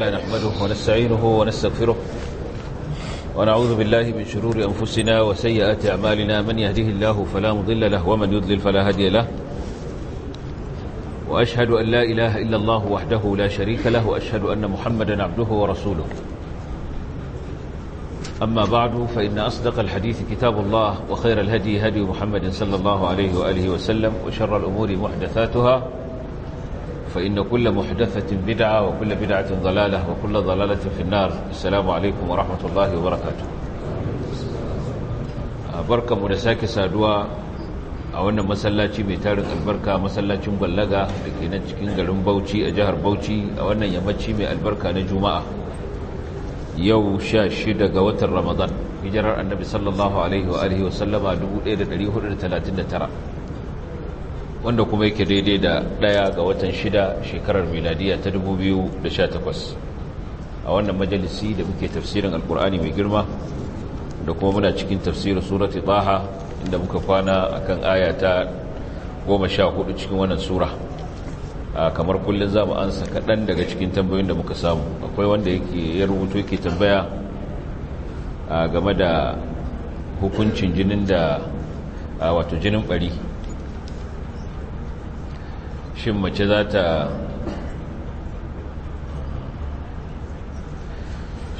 لا نحمده ونستعينه ونستغفره ونعوذ بالله من شرور أنفسنا وسيئات أعمالنا من يهده الله فلا مضل له ومن يضلل فلا هدي له وأشهد أن لا إله إلا الله وحده لا شريك له وأشهد أن محمدا عبده ورسوله أما بعد فإن أصدق الحديث كتاب الله وخير الهدي هدي محمد صلى الله عليه وآله وسلم وشر الأمور محدثاتها فإن كل محدثة بدعة وكل بدعة ضلالة وكل ضلالة في النار السلام عليكم ورحمة الله وبركاته بركة منساك سادوا أولا مسلاتي ميتارك البركة مسلاتي مبلغة لكينا تكين قلن بوتي أجهر بوتي أولا يمتي مي البركة نجوماء يو شاشد قوة رمضان hijirar annabi sallallahu alaihi wa alihi wasallama 1439 wanda kuma yake daidai da ɗaya ga watan shida shekarar miladiya ta da 2018 a wannan majalisi da muke tafsirin alkur'ani mai girma da kuma muna cikin tafsirin surati baha inda muka kwana akan aya ta hudu cikin wannan sura kamar kullum za mu ansa kaɗan daga cikin tambayoyin da muka samu akwai wanda yake ya rubuto yake tambaya game da hukuncin jinin da wato jinin ɓari shin mace za ta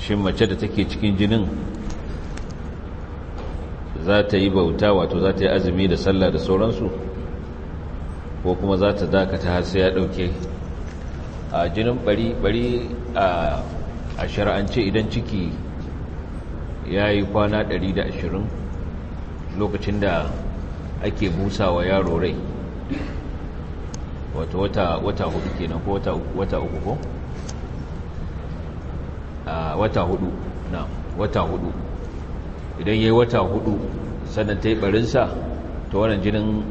shin mace da take cikin jinin za ta yi bauta wato za ta yi azumi da sallah da sauransu ko kuma za ta dakata har sai ya dauke a jinin bari bari a a shar'ance idan ciki ya yi kwana 120 lokacin da ake busawa yaro rai wato wata wata hudu kenan ko wata wata uku ko a ah, wata hudu na wata hudu idan yayi wata hudu sannan ta yi barinsa ta wannan jinin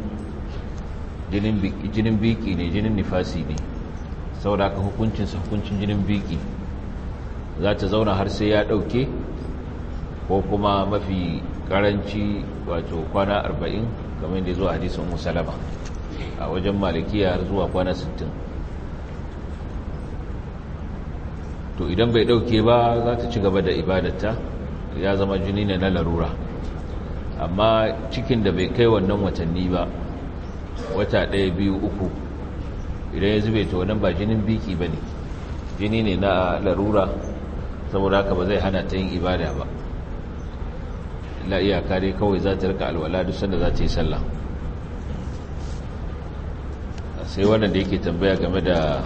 jinin biki ne jinin nifasi ne saboda haka sa, hukuncin jinin biki za ta zauna har sai ya ɗauke ko kuma mafi ƙaranci wato kwana arba'in kamar yadda zuwa hadisun musalama a wajen malikiya zuwa kwana 60 to idan bai dauke ba za ta ci gaba da ibadarta ya zama jini ne na larura amma cikin da bai kai wannan watanni ba wata ɗaya biyu uku idan ya zube ta wannan ba jinin biki ba ne jini ne na larura saboda haka ba zai hana ta yin ibada ba la iyaka dai kawai za ta rika alwala duk sanda za ta yi sallah sai wannan da yake tambaya game da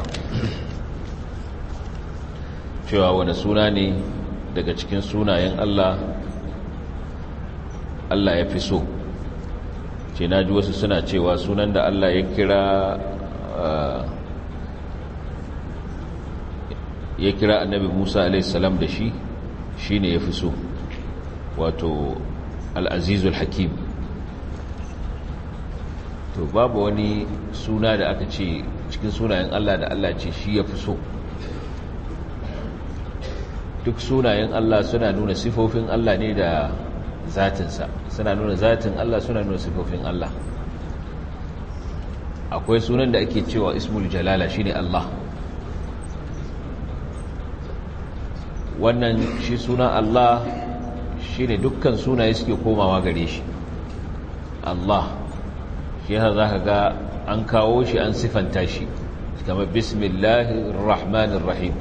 cewa wani suna ne daga cikin sunayen Allah Allah ya fi so ce na ji wasu suna cewa sunan da Allah ya kira eh, ya kira annabi Musa alaihissalam da shi shi ne ya fi so wato al'azizul hakim to babu wani suna da aka ce cikin sunayen Allah da Allah ce shi ya fi so duk sunayen Allah suna nuna sifofin Allah ne da zatinsa suna nuna zatin Allah suna nuna sifofin Allah akwai sunan da ake cewa ismul jalala ne Allah wannan shi suna Allah ne dukkan sunaye suke komawa gare shi Allah shi ha za ka ga an kawo shi an sifanta shi kama bismillahi rahmanin rahim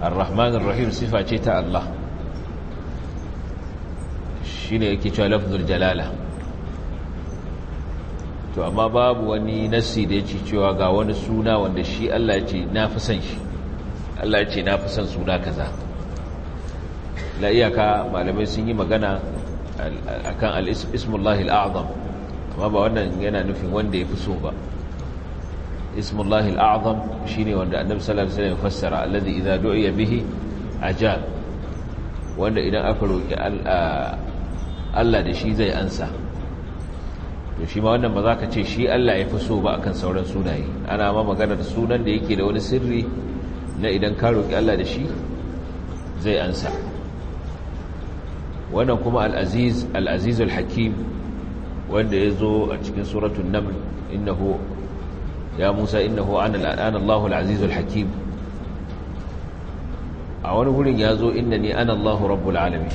rahmanin rahim sifa ce ta Allah shi ne yake cewa lafzul jalala to amma babu wani nassi da yake cewa ga wani suna wanda shi Allah ce na fi son shi Allah ce na fi suna kaza la iyaka malamai sun yi magana akan al-ismullahi al-a'zam amma ba wannan yana nufin wanda ya fi so ba ismullahi al'azam ne wanda annab sallallahu salamu fassara alladhi idza du'iya bihi ajab wanda idan aka roƙi Allah da shi zai ansa to shi ma wannan ba za ka ce shi Allah ya fi so ba akan sauran sunaye ana ma magana da sunan da yake da wani sirri na idan ka roki Allah da shi zai ansa wannan kuma al-aziz al-aziz al-hakim wanda ya zo a cikin suratun naml innahu ya musa innahu an al'ana allahu al'azizul hakim a wani wurin ya zo inna ni an allahu rabu alami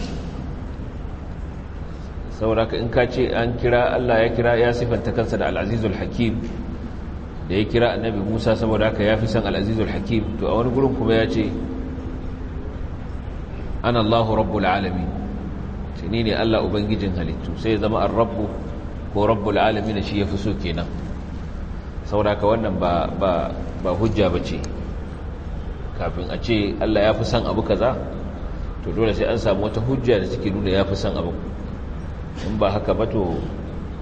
sauraka in ka ce an kira allah ya kira ya siffanta kansa da al'azizul hakim da ya kira annabi musa saboda haka ya fi san al'azizul hakim to a wani wurin kuma ya ce an allahu rabbul alami shi ne allah ubangijin halittu sai zama an rabu. ko rabbul alamin shi ya fi so kenan saboda wannan ba ba ba hujja bace kafin a ce Allah ya fi son abu kaza to dole sai an samu wata hujja da take nuna ya fi son abu in ba haka ba to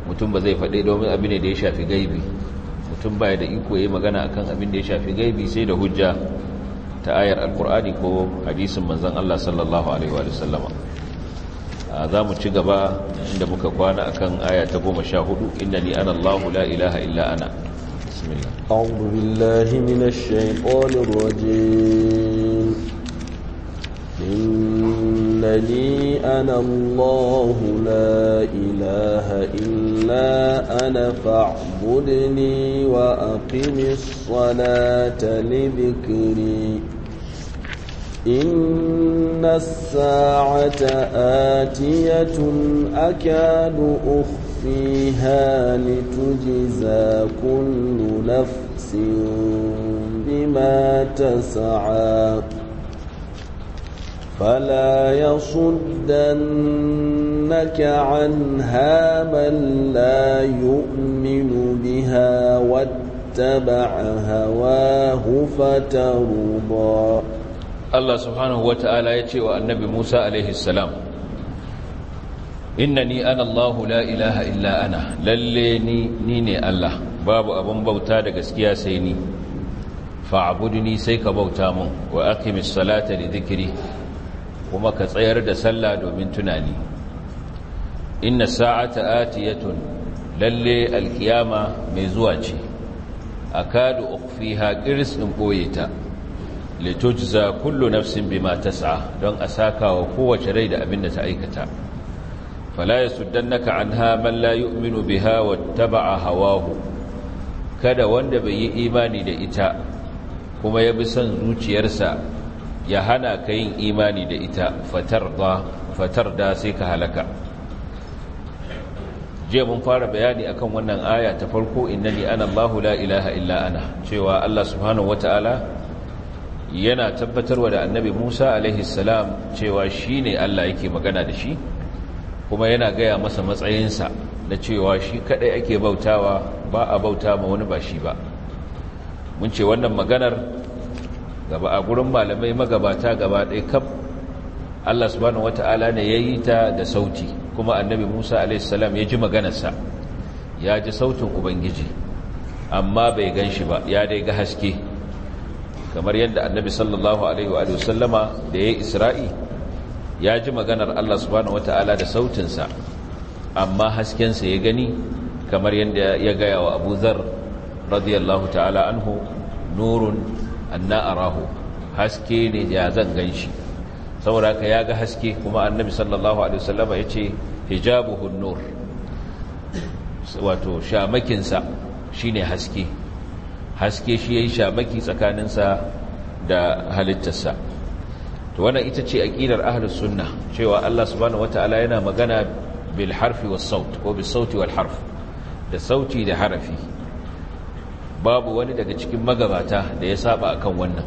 mutum ba zai faɗe domin abin da ya shafi gaibi mutum ba da iko ya magana akan abin da ya shafi gaibi sai da hujja ta ayar alkur'ani ko hadisin manzon Allah sallallahu alaihi wa sallama za mu ci gaba inda muka kwana akan aya ta goma sha hudu inna ni ana Allahu la ilaha illa ana bismillah a'udhu billahi minash shaitanir rajim innani ana Allahu la ilaha illa ana wa إن الساعة آتية أكاد أخفيها لتجزى كل نفس بما تسعى فلا يصدنك عنها من لا يؤمن بها واتبع هواه فترضى Allah subhanahu wata'ala ya ce wa annabi Musa alaihi inna ni an Allah la ilaha illa ana lalle ni ni ne Allah babu abin bauta da gaskiya sai ni ni sai ka bauta mun wa aqimis salata li kuma ka tsayar da sallah domin tunani inna sa'ata atiyatun lalle alkiyama mai zuwa ce akadu ukhfiha qirs in ɓoye ta litujza kullu nafsin bima tas'a don a saka wa kowace rai da abin da ta aikata fala yasuddannaka anha man la yu'minu biha wattaba'a hawahu kada wanda bai yi imani da ita kuma ya bi son zuciyarsa ya hana ka yin imani da ita fatarda fatarda sai ka halaka jiya mun fara bayani akan wannan aya ta farko innani ana Allahu la ilaha illa ana cewa Allah subhanahu wataala yana tabbatarwa da annabi musa alaihissalam cewa shi ne allah yake magana da shi kuma yana gaya masa matsayinsa na cewa shi kadai ake bautawa ba a bauta ma wani ba shi ba mun ce wannan maganar gaba a gurin malamai magabata gaba ɗaya kaf allah subhanahu wata'ala ne ya yi ta da sauti kuma annabi musa alaihissalam ya ji maganarsa ya ji sautin ubangiji amma bai gan shi ba ya dai ga haske kamar yadda annabi sallallahu alaihi wa sallama da ya isra'i ya ji maganar Allah subhanahu ta'ala da sautinsa amma haskensa ya gani kamar yadda ya gaya wa abu zar radiyallahu ta'ala anhu nurun anna arahu haske ne ya zan gan shi saboda ya ga haske kuma annabi sallallahu alaihi sallama ya ce hijabuhun nur wato shamakinsa shine haske haske shi ya yi shamaki tsakaninsa da halittarsa to wannan ita ce aƙidar ahlus sunna cewa Allah subhanahu wata'ala yana magana bil harfi was saut ko bis sauti wal harf da sauti da harafi babu wani daga cikin magabata da ya saba akan wannan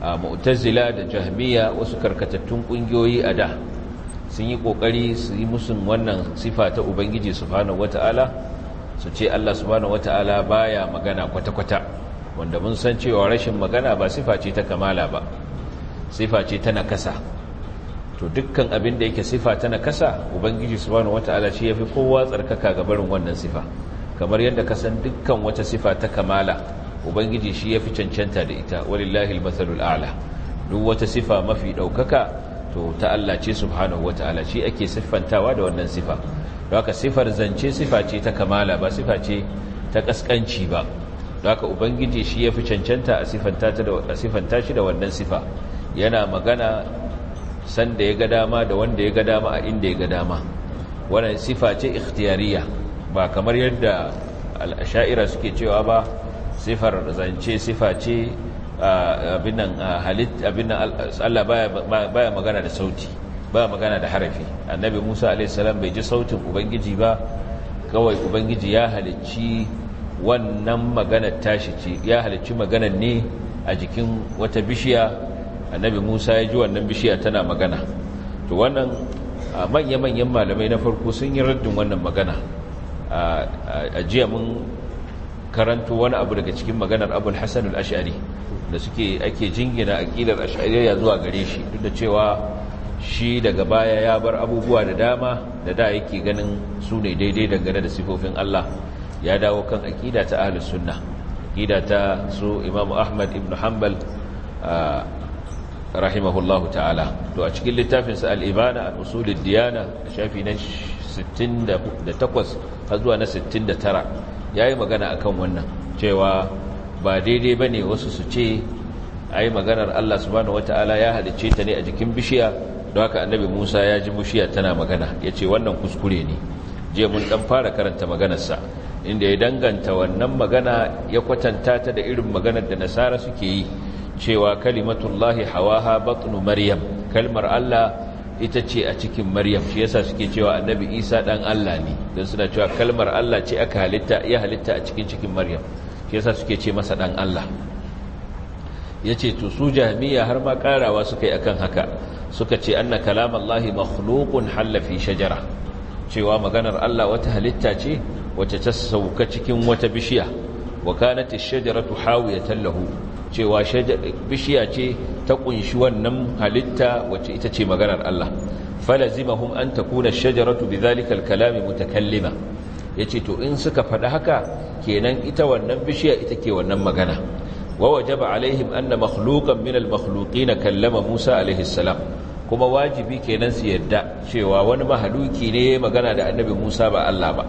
a mu'tazila da jahmiya wasu karkatattun kungiyoyi a da sun yi kokari su yi musun wannan sifa ta ubangiji subhanahu wata'ala su ce Allah subhanahu wata'ala baya magana kwata-kwata wanda mun san cewa rashin magana ba sifa ce ta kamala ba sifa ce ta nakasa to dukkan abin da yake sifa ta nakasa ubangiji subhanahu wata'ala shi yafi kowa tsarkaka ga barin wannan sifa kamar yadda ka san dukkan wata sifa ta kamala ubangiji shi yafi cancanta da ita walillahi almathalul a'la duk wata sifa mafi ɗaukaka, to ta Allah ce subhanahu wata'ala shi ake siffantawa da wannan sifa haka sifar zance sifa ce ta kamala ba sifa ce ta kaskanci ba haka ubangiji shi ya fi cancanta a sifanta shi da wannan sifa yana magana sanda ya ga dama da wanda ya ga dama a inda ya ga dama wannan sifa ce ikhtiyariya ba kamar yadda al'asha'ira suke cewa ba sifar zance sifa ce abin nan Allah baya magana da sauti ba magana da harafi annabi musa alaihissalam bai ji sautin ubangiji ba kawai ubangiji ya halicci wannan magana tashi ce ya halicci magana ne a jikin wata bishiya annabi musa ya ji wannan bishiya tana magana to wannan manya-manyan malamai na farko sun yi raddin wannan magana a jiya mun karanto wani abu daga cikin maganar abul hassan al'ashari da suke ake jingina ashari ya zuwa gare shi duk da cewa shi daga baya ya bar abubuwa da dama da da yake ganin su ne daidai dangane da sifofin Allah ya dawo kan aƙida ta ahlus sunna aƙida ta su Imam Ahmad ibn Hanbal rahimahullahu ta'ala to a cikin littafin sa al-Ibana an usulid diyana shafi na 68 har zuwa na 69 yayi magana akan wannan cewa ba daidai bane wasu su ce ai maganar Allah subhanahu wataala ya halicce ta ne a jikin bishiya don haka annabi musa ya ji bushiya tana magana ya ce wannan kuskure ne je mun dan fara karanta maganarsa inda ya danganta wannan magana ya kwatanta ta da irin maganar da nasara suke yi cewa kalimatullahi hawaha batnu maryam kalmar allah ita ce a cikin maryam shi yasa suke cewa annabi isa dan allah ne don suna cewa kalmar allah ce aka halitta ya halitta a cikin cikin maryam shi yasa suke ce masa dan allah yace ce to su jami'a har ma karawa suka yi akan haka suka ce anna kalamallahi makhluqun halla fi shajara cewa maganar Allah wata halitta ce wacce ta sauka cikin wata bishiya wa kanat ash-shajaratu hawiyatan lahu cewa bishiya ce ta kunshi wannan halitta wacce ita ce maganar Allah falazimahum an takuna ash-shajaratu bidhalika al-kalami mutakallima yace to in suka faɗi haka kenan ita wannan bishiya ita ke wannan magana ووجب عليهم أن مخلوقا من المخلوقين na kallama Musa السلام kuma wajibi kenan su yadda cewa wani mahaluki ne ya magana da annabi Musa ba Allah ba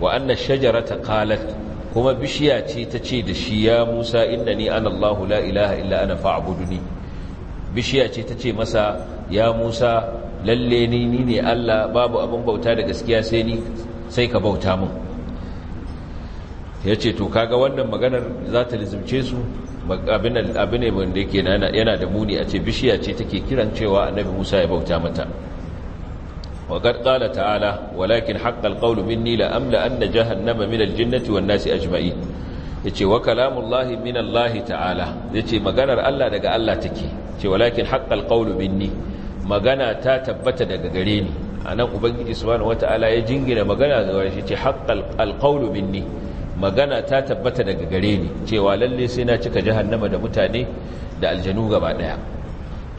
wa anna shajarata qalat kuma bishiya ce ta ce da shi ya Musa innani ana Allahu la ilaha illa ana fa'buduni bishiya ce ta ce masa ya Musa lalle ni ne Allah babu abin bauta da gaskiya sai ni sai ka bauta min. ya ce to kaga wannan maganar za ta lizimce su abin ne wanda yake yana da muni a ce bishiya ce take kiran cewa annabi musa ya bauta mata waƙar ƙala ta'ala walakin haƙƙal ƙaunu minni la'amla an na jahannama min aljinnati wa nasi ajma'i ya ce wa kalamullahi min ta'ala ya ce maganar allah daga allah take ce walakin haƙƙal ƙaunu minni magana ta tabbata daga gare ni a nan ubangiji subhanahu wata'ala ya jingina magana ga wani shi ce haƙƙal ƙaunu minni magana ta tabbata daga gare ni cewa lalle sai na cika jahannama da mutane da aljanu gaba daya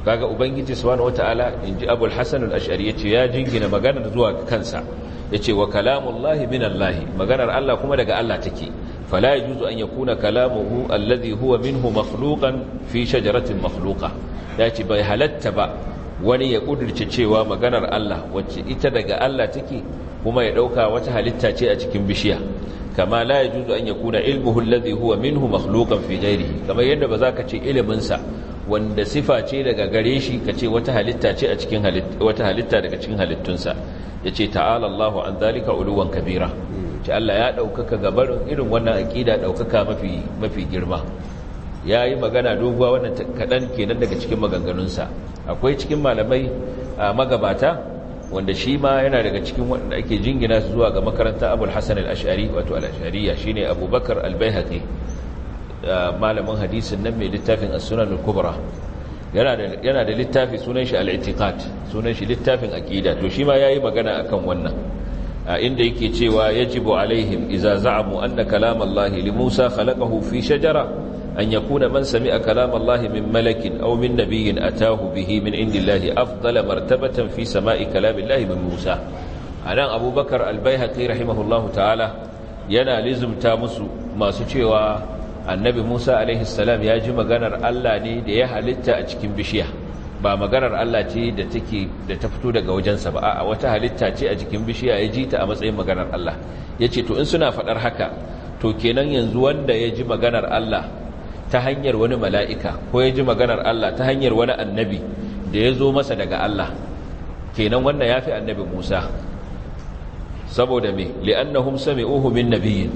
kaga ubangiji subhanahu wataala inji abul hasan al-ash'ari yace ya jingina maganar zuwa kansa yace wa kalamullahi minallahi maganar Allah kuma daga Allah take fala juzu an yakuna kalamuhu alladhi huwa minhu makhluqan fi shajaratin makhluqa yace bai halatta ba wani ya kudurce cewa maganar Allah wacce ita daga Allah take kuma ya dauka wata halitta ce a cikin bishiya kama la juzu an ya yakuna ilmuhu alladhi huwa minhu makhlukan fi ghairihi kamar yadda ba za ka ce ilimin sa wanda sifa ce daga gare shi ka ce wata halitta ce a cikin wata halitta daga cikin halittunsa yace ta'ala Allahu an zalika uluwan kabira ce Allah ya ɗaukaka gabarin irin wannan aqida ɗaukaka mafi mafi girma yayi magana doguwa wannan kadan kenan daga cikin maganganunsa akwai cikin malamai magabata wanda shi ma yana daga cikin waɗanda ake jingina su zuwa ga makaranta abul hassan al'ashari wato al'ashariya shi ne abubakar albaihaki malamin hadisin nan mai littafin asunan kubra yana da littafi sunan shi al'itikat sunan shi littafin aƙida to shi ma ya yi magana a kan wannan inda yake cewa ya jibo alaihim iza za'amu an na kalamallahi li musa khalaqahu fi shajara أن يكون من سمع كلام الله من ملك أو من نبي أتاه به من عند الله أفضل مرتبة في سماء كلام الله من موسى أنا أبو بكر البيهقي رحمه الله تعالى ينا لزم تامس ما سوى النبي موسى عليه السلام يا جماعة الله ني da ya halitta a cikin bishiya ba maganar Allah ce da da ta fito daga wajensa ba A'a wata halitta ce a cikin bishiya ya ji ta a matsayin maganar Allah yace to in suna fadar haka to kenan yanzu wanda ya ji maganar Allah ta hanyar wani mala'ika ko ya ji maganar Allah ta hanyar wani annabi da ya zo masa daga Allah kenan wannan ya fi annabi Musa saboda me li'annahum sami'uhu min nabiyyin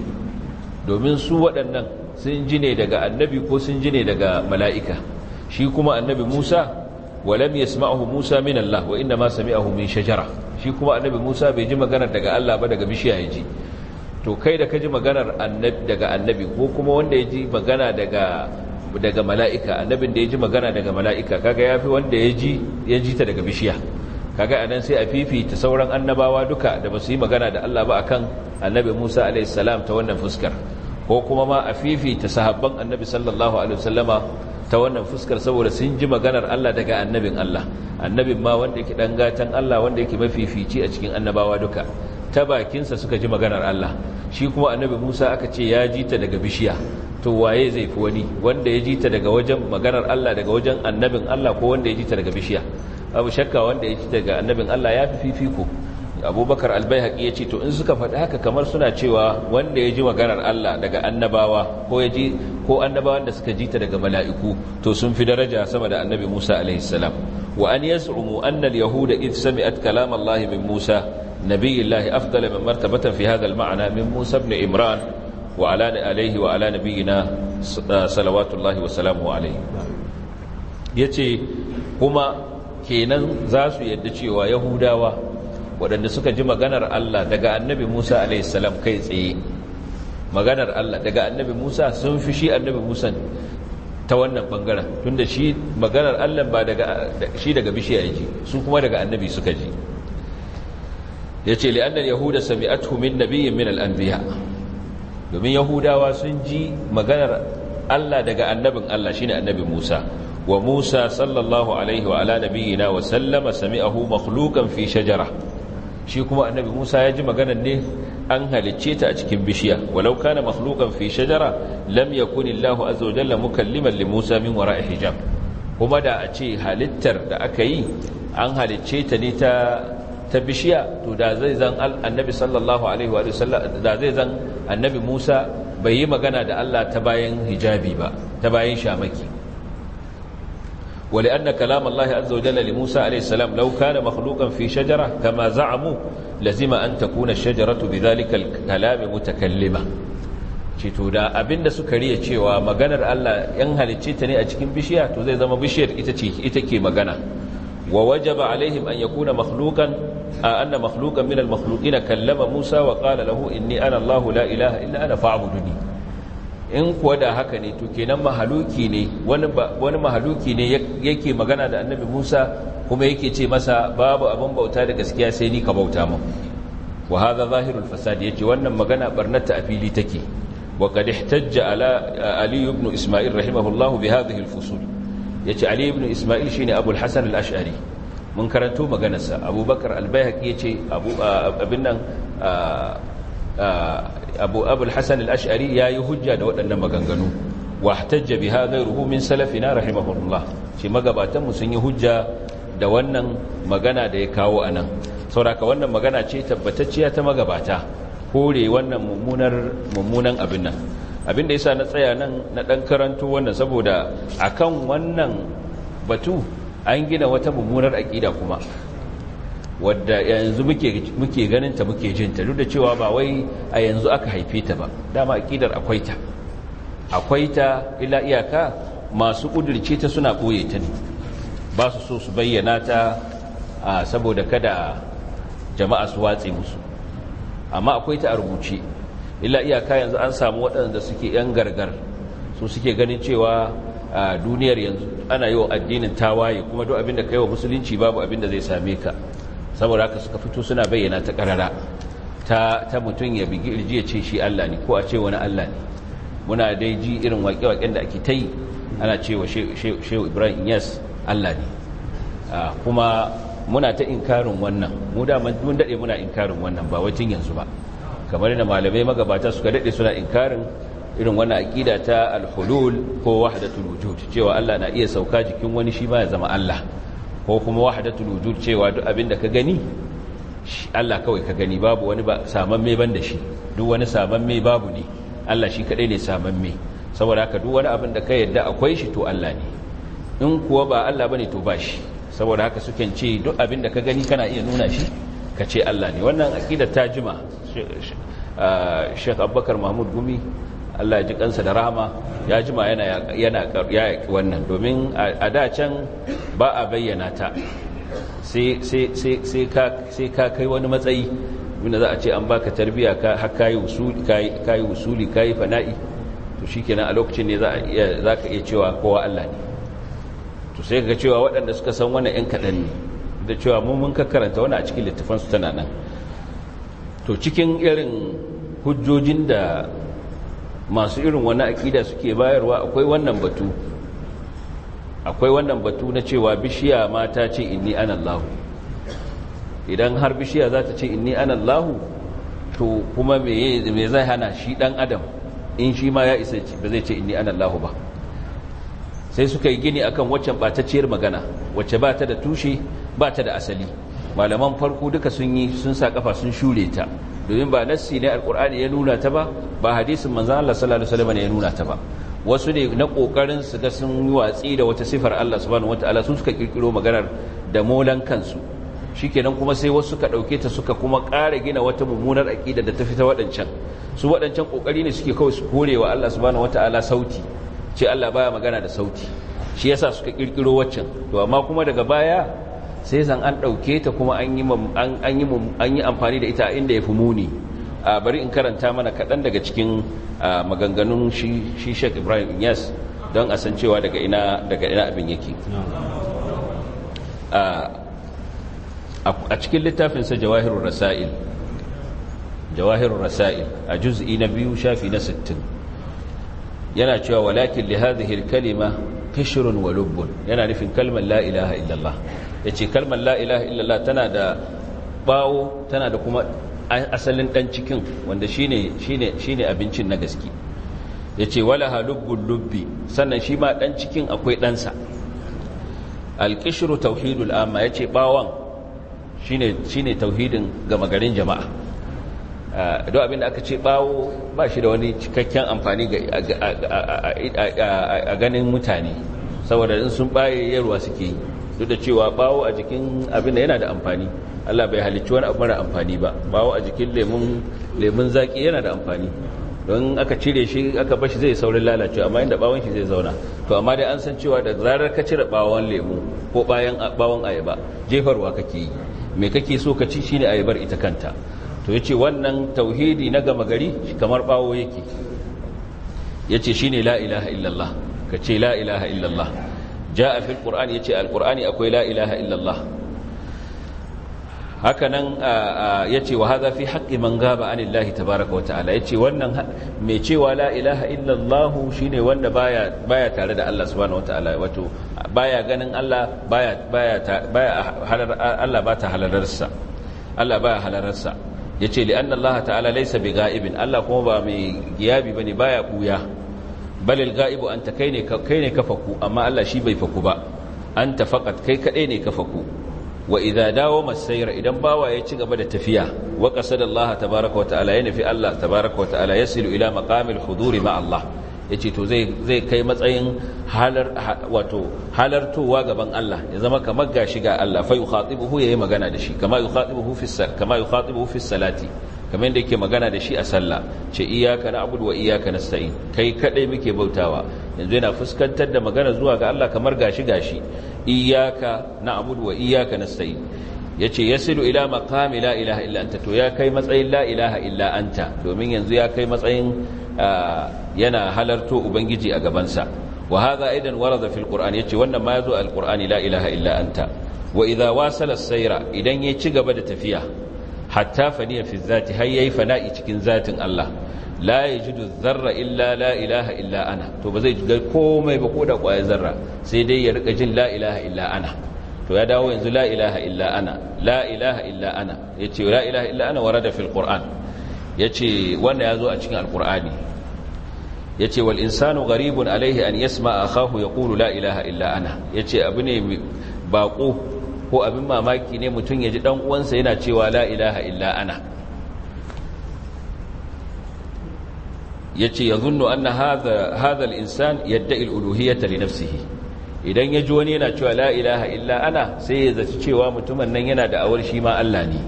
domin su waɗannan sun ji ne daga annabi ko sun ji ne daga mala'ika shi kuma annabi Musa walam yasma'uhu Musa min Allah wa inna ma sami'ahu min shajara shi kuma annabi Musa bai ji maganar daga Allah ba daga bishiya ya ji to kai da kaji maganar annabi daga annabi ko kuma wanda ya magana daga daga mala'ika annabin da ya ji magana daga mala'ika kaga yafi wanda ya ji ta daga bishiya kaga anan sai a fifita sauran annabawa duka da ba su yi magana da Allah ba akan annabi Musa alaihi salam ta wannan fuskar ko kuma ma a fifita sahabban annabi sallallahu alaihi wasallama ta wannan fuskar saboda sun ji maganar Allah daga annabin Allah annabin ma wanda yake dan gatan Allah wanda yake mafifici a cikin annabawa duka ta bakinsa suka ji maganar Allah shi kuma annabi Musa aka ce ya ji ta daga bishiya to waye zai fi wani wanda ya ji ta daga wajen maganar Allah daga wajen annabin Allah ko wanda ya ji ta daga bishiya abu shakka wanda ya ji daga annabin Allah ya fi fifiko abubakar albayhaƙi ya ce to in suka faɗi haka kamar suna cewa wanda ya ji maganar Allah daga annabawa ko ya ji ko annabawan da suka ji ta daga mala'iku to sun fi daraja sama da annabi Musa alaihi salam wa an yaz'umu anna al-yahuda id sami'at kalam Allah min Musa نبي الله أفضل من مرتبة في هذا المعنى من موسى بن إمران وعلى عليه وعلى نبينا صلوات الله وسلامه عليه يتي هما kenan za su yadda cewa yahudawa waɗanda suka ji maganar Allah daga annabi Musa alaihissalam kai tsaye maganar Allah daga annabi Musa sun fi shi annabi Musa ta wannan bangaren tunda shi maganar Allah ba daga shi daga bishiya yake su kuma daga annabi suka ji ya ce li'annan yahuda sami'atu min nabiyyin min al'anbiya domin yahudawa sun ji maganar Allah daga annabin Allah shine annabi Musa wa Musa sallallahu alaihi wa ala nabiyyina wa sallama sami'ahu makhluqan fi shajara shi kuma annabi Musa ya ji maganar ne an halicce ta a cikin bishiya walau kana makhluqan fi shajara lam yakun Allahu azza wa jalla mukalliman li Musa min wara'i hijab kuma da a ce halittar da aka yi an halicce ta ne ta ta bishiya to da zai zan annabi sallallahu alaihi wa sallam da zai zan annabi Musa bai yi magana da Allah ta bayan hijabi ba ta bayan shamaki ولأن كلام الله عز وجل لموسى عليه السلام لو كان مخلوقا في شجرة كما زعموا لزم أن تكون الشجرة بذلك الكلام متكلمة cito da abinda suka riya cewa maganar Allah yan halicce ta ne a cikin bishiya to zai zama bishiyar ita ce ita ke magana wa wajaba alaihim an yakuna makhluqan anna makhluqan min al-makhluqina kallama Musa wa qala lahu inni ana Allah la ilaha illa ana in kuwa da haka ne to kenan mahaluki ne wani mahaluki ne yake magana da annabi Musa kuma yake ce masa babu abin bauta da gaskiya sai ni ka bauta mu wa hadha zahirul fasad yace wannan magana barnata a fili take wa qad ihtajja ala ali ibn isma'il rahimahullahu bi hadhihi al-fusul ya ce ali ibn ismail shi ne abul hassan al'ashari mun karanto maganarsa abubakar albayhaq ya ce abin nan abu abul hassan al'ashari ya yi hujja da waɗannan maganganu wahtajja biha ghayruhu min salafina rahimahullah shi magabatanmu sun yi hujja da wannan magana da ya kawo a nan sauraka wannan magana ce tabbatacciya ta magabata kore wannan mummunar mummunan abin nan abin da ya sa na tsaya nan na ɗan karanto wannan saboda a kan wannan batu an gina wata mummunar aƙida kuma wadda yanzu muke ganinta muke jin ta duk da cewa ba wai a yanzu aka haife ta ba dama aƙidar akwai ta akwai ta ila iyaka masu ƙudurce ta suna boye ta ne ba su so su bayyana ta saboda kada jama'a su watse musu amma akwai ta a rubuce illa iyaka yanzu an samu waɗanda suke yan gargar su suke ganin cewa a duniyar yanzu ana yi wa addinin tawaye kuma duk abinda kai wa musulunci babu abinda zai same ka saboda haka suka fito suna bayyana ta karara ta ta mutum ya bigi irji ya ce shi Allah ne ko a ce wani Allah ne muna dai ji irin waƙe-waƙen da ake ta yi ana cewa shehu ibrahim yes Allah ne kuma muna ta inkarin wannan mu da mun dade muna inkarin wannan ba wacin yanzu ba kamar da malamai magabata suka dade suna inkarin irin wani aƙida ta al-hulul ko wahdatul wujud cewa Allah na iya sauka jikin wani shi ba ya zama Allah ko kuma wahdatul wujud cewa duk abin da ka gani Allah kawai ka gani babu wani ba samamme da shi duk wani samamme babu ne Allah shi kaɗai ne samamme saboda haka duk wani abin da ka yarda akwai shi to Allah ne in kuwa ba Allah bane to ba shi saboda haka suke ce duk abin da ka gani kana iya nuna shi ka ce Allah ne wannan aqida ta jima uh, Sheikh Abubakar Mahmud Gumi Allah ya ji kansa da rahama ya jima yana yana ya wannan domin a da can ba a bayyana ta sai ka sai ka kai wani matsayi wanda za a ce an baka tarbiya ka har kai usuli kai kai usuli kai fana'i to shikenan a lokacin ne za ka iya cewa kowa Allah ne to sai ka cewa waɗanda suka san wannan ɗan kaɗan ne da cewa mu mun karanta wani a cikin littafansu tana nan to cikin irin hujjojin da masu irin wani akida suke bayarwa akwai wannan batu akwai wannan batu na cewa bishiya ma ta ce inni anallahu idan har bishiya za ta ce inni anallahu to kuma me zai hana shi dan adam in shi ma ya isa ba zai ce inni anallahu ba sai suka yi gini akan waccan ɓatacciyar magana wacce ba ta da tushe ba ta da asali malaman farko duka sun yi sun sa kafa sun shure ta domin ba nassi ne alkur'ani ya nuna ta ba ba hadisin manzan Allah sallallahu alaihi wasallam ya nuna ta ba wasu ne na kokarin su ga sun yi watsi da wata sifar Allah subhanahu wataala sun suka kirkiro maganar da molan kansu shikenan kuma sai wasu suka dauke ta suka kuma ƙara gina wata mummunar aqida da ta fita wadancan su wadancan kokari ne suke kawai su korewa Allah subhanahu wataala sauti ce Allah baya magana da sauti shi yasa suka kirkiro waccan to amma kuma daga baya sai zan an ɗauke ta kuma an yi amfani da ita inda ya fi muni bari in karanta mana kaɗan daga cikin maganganun shi shek ibrahim yas don a san cewa daga ina abin yake a cikin littafinsa jawahirun rasa'il jawahirun rasa'il a juz'i na biyu shafi na sittin yana cewa walakin li hadhihi kalima kishirun wa yana nufin kalmar la ilaha illallah yace kalmar la ilaha illallah tana da bawo tana da kuma asalin dan cikin wanda shine abincin na gaske yace wala halubbul lubbi sannan shi ma dan cikin akwai ɗansa alkishru tauhidul amma yace bawon shine tauhidin gama garin jama'a Eh, don abin da aka ce bawo ba shi da wani cikakken amfani a ganin mutane saboda in sun baye yarwa suke yi duk da cewa bawo a jikin abin da yana da amfani Allah bai halicci wani abu mara amfani ba bawo a jikin lemun lemun zaki yana da amfani don aka cire shi aka bashi zai saurin lalace amma inda bawon shi zai zauna to amma dai an san cewa da zarar ka cire bawon lemu ko bayan bawon ayaba jefarwa kake yi me kake so ka ci shi ne ayabar ita kanta to ya ce wannan tauhidi na gama gari kamar bawo yake yace shine la ilaha illallah kace la ilaha illallah a fil qur'an yace alqur'ani akwai la ilaha illallah haka nan ce wa hadha fi haqqi man gaba anillahi tabaaraka wa ya ce wannan mai cewa la ilaha illallah shine wanda baya tare da Allah subhanahu wa ta'ala wato baya ganin Allah baya Allah ba ta halararsa Allah baya halararsa yace ce anna Allah ta'ala bi gaibin Allah kuma ba mai giyabi ba ne baya buya balil an ta kai ne ka faku amma Allah shi bai faku ba anta faqat kai kadai ne kafaku wa idza dawo masayar idan bawa ya ci gaba da tafiya wa qasada Allah tabaaraka wa ta'ala ya nufi Allah tabaaraka wa ta'ala yasilu ila maqamil huduri ma Allah ya ce to zai kai matsayin halartowa gaban Allah ya zama kamar gashi ga Allah fa yi buhu ya yi magana da shi kama yi khatibuhu kama yi khatibuhu fi salati kamar yadda ke magana da shi a sallah ce iyaka na abudu wa iyaka na sa'in kai kadai muke bautawa yanzu yana fuskantar da magana zuwa ga Allah kamar gashi gashi iyaka na abudu wa iyaka na sa'in ya ce ya silu ila makami la ilaha illa anta to ya kai matsayin la ilaha illa anta domin yanzu ya kai matsayin yana halarto ubangiji a gabansa wa haza aidan warada fil qur'an yace wannan ma yazo al qur'ani la ilaha illa anta wa idha wasala sayra idan ya ci gaba da tafiya hatta faniya fi zati har yayi fana'i cikin zatin Allah la yajidu dharra illa la ilaha illa ana to ba zai ga komai ba ko da kwaya zarra sai dai ya rika jin la ilaha illa ana to ya dawo yanzu la ilaha illa ana la ilaha illa ana yace la ilaha illa ana warada fil qur'an yace wanda yazo a cikin alqur'ani yace wal insanu gharibun alaihi an yasma akahu yaqulu la ilaha illa ana yace abu ne bako ko abin mamaki ne mutun yaji dan uwansa yana cewa la ilaha illa ana yace yazunnu anna hadha hadha al insan yad'i al uluhiyyata li nafsihi idan ya ji wani yana cewa la ilaha illa ana sai ya zaci cewa mutumin nan yana da awar shi ma Allah ne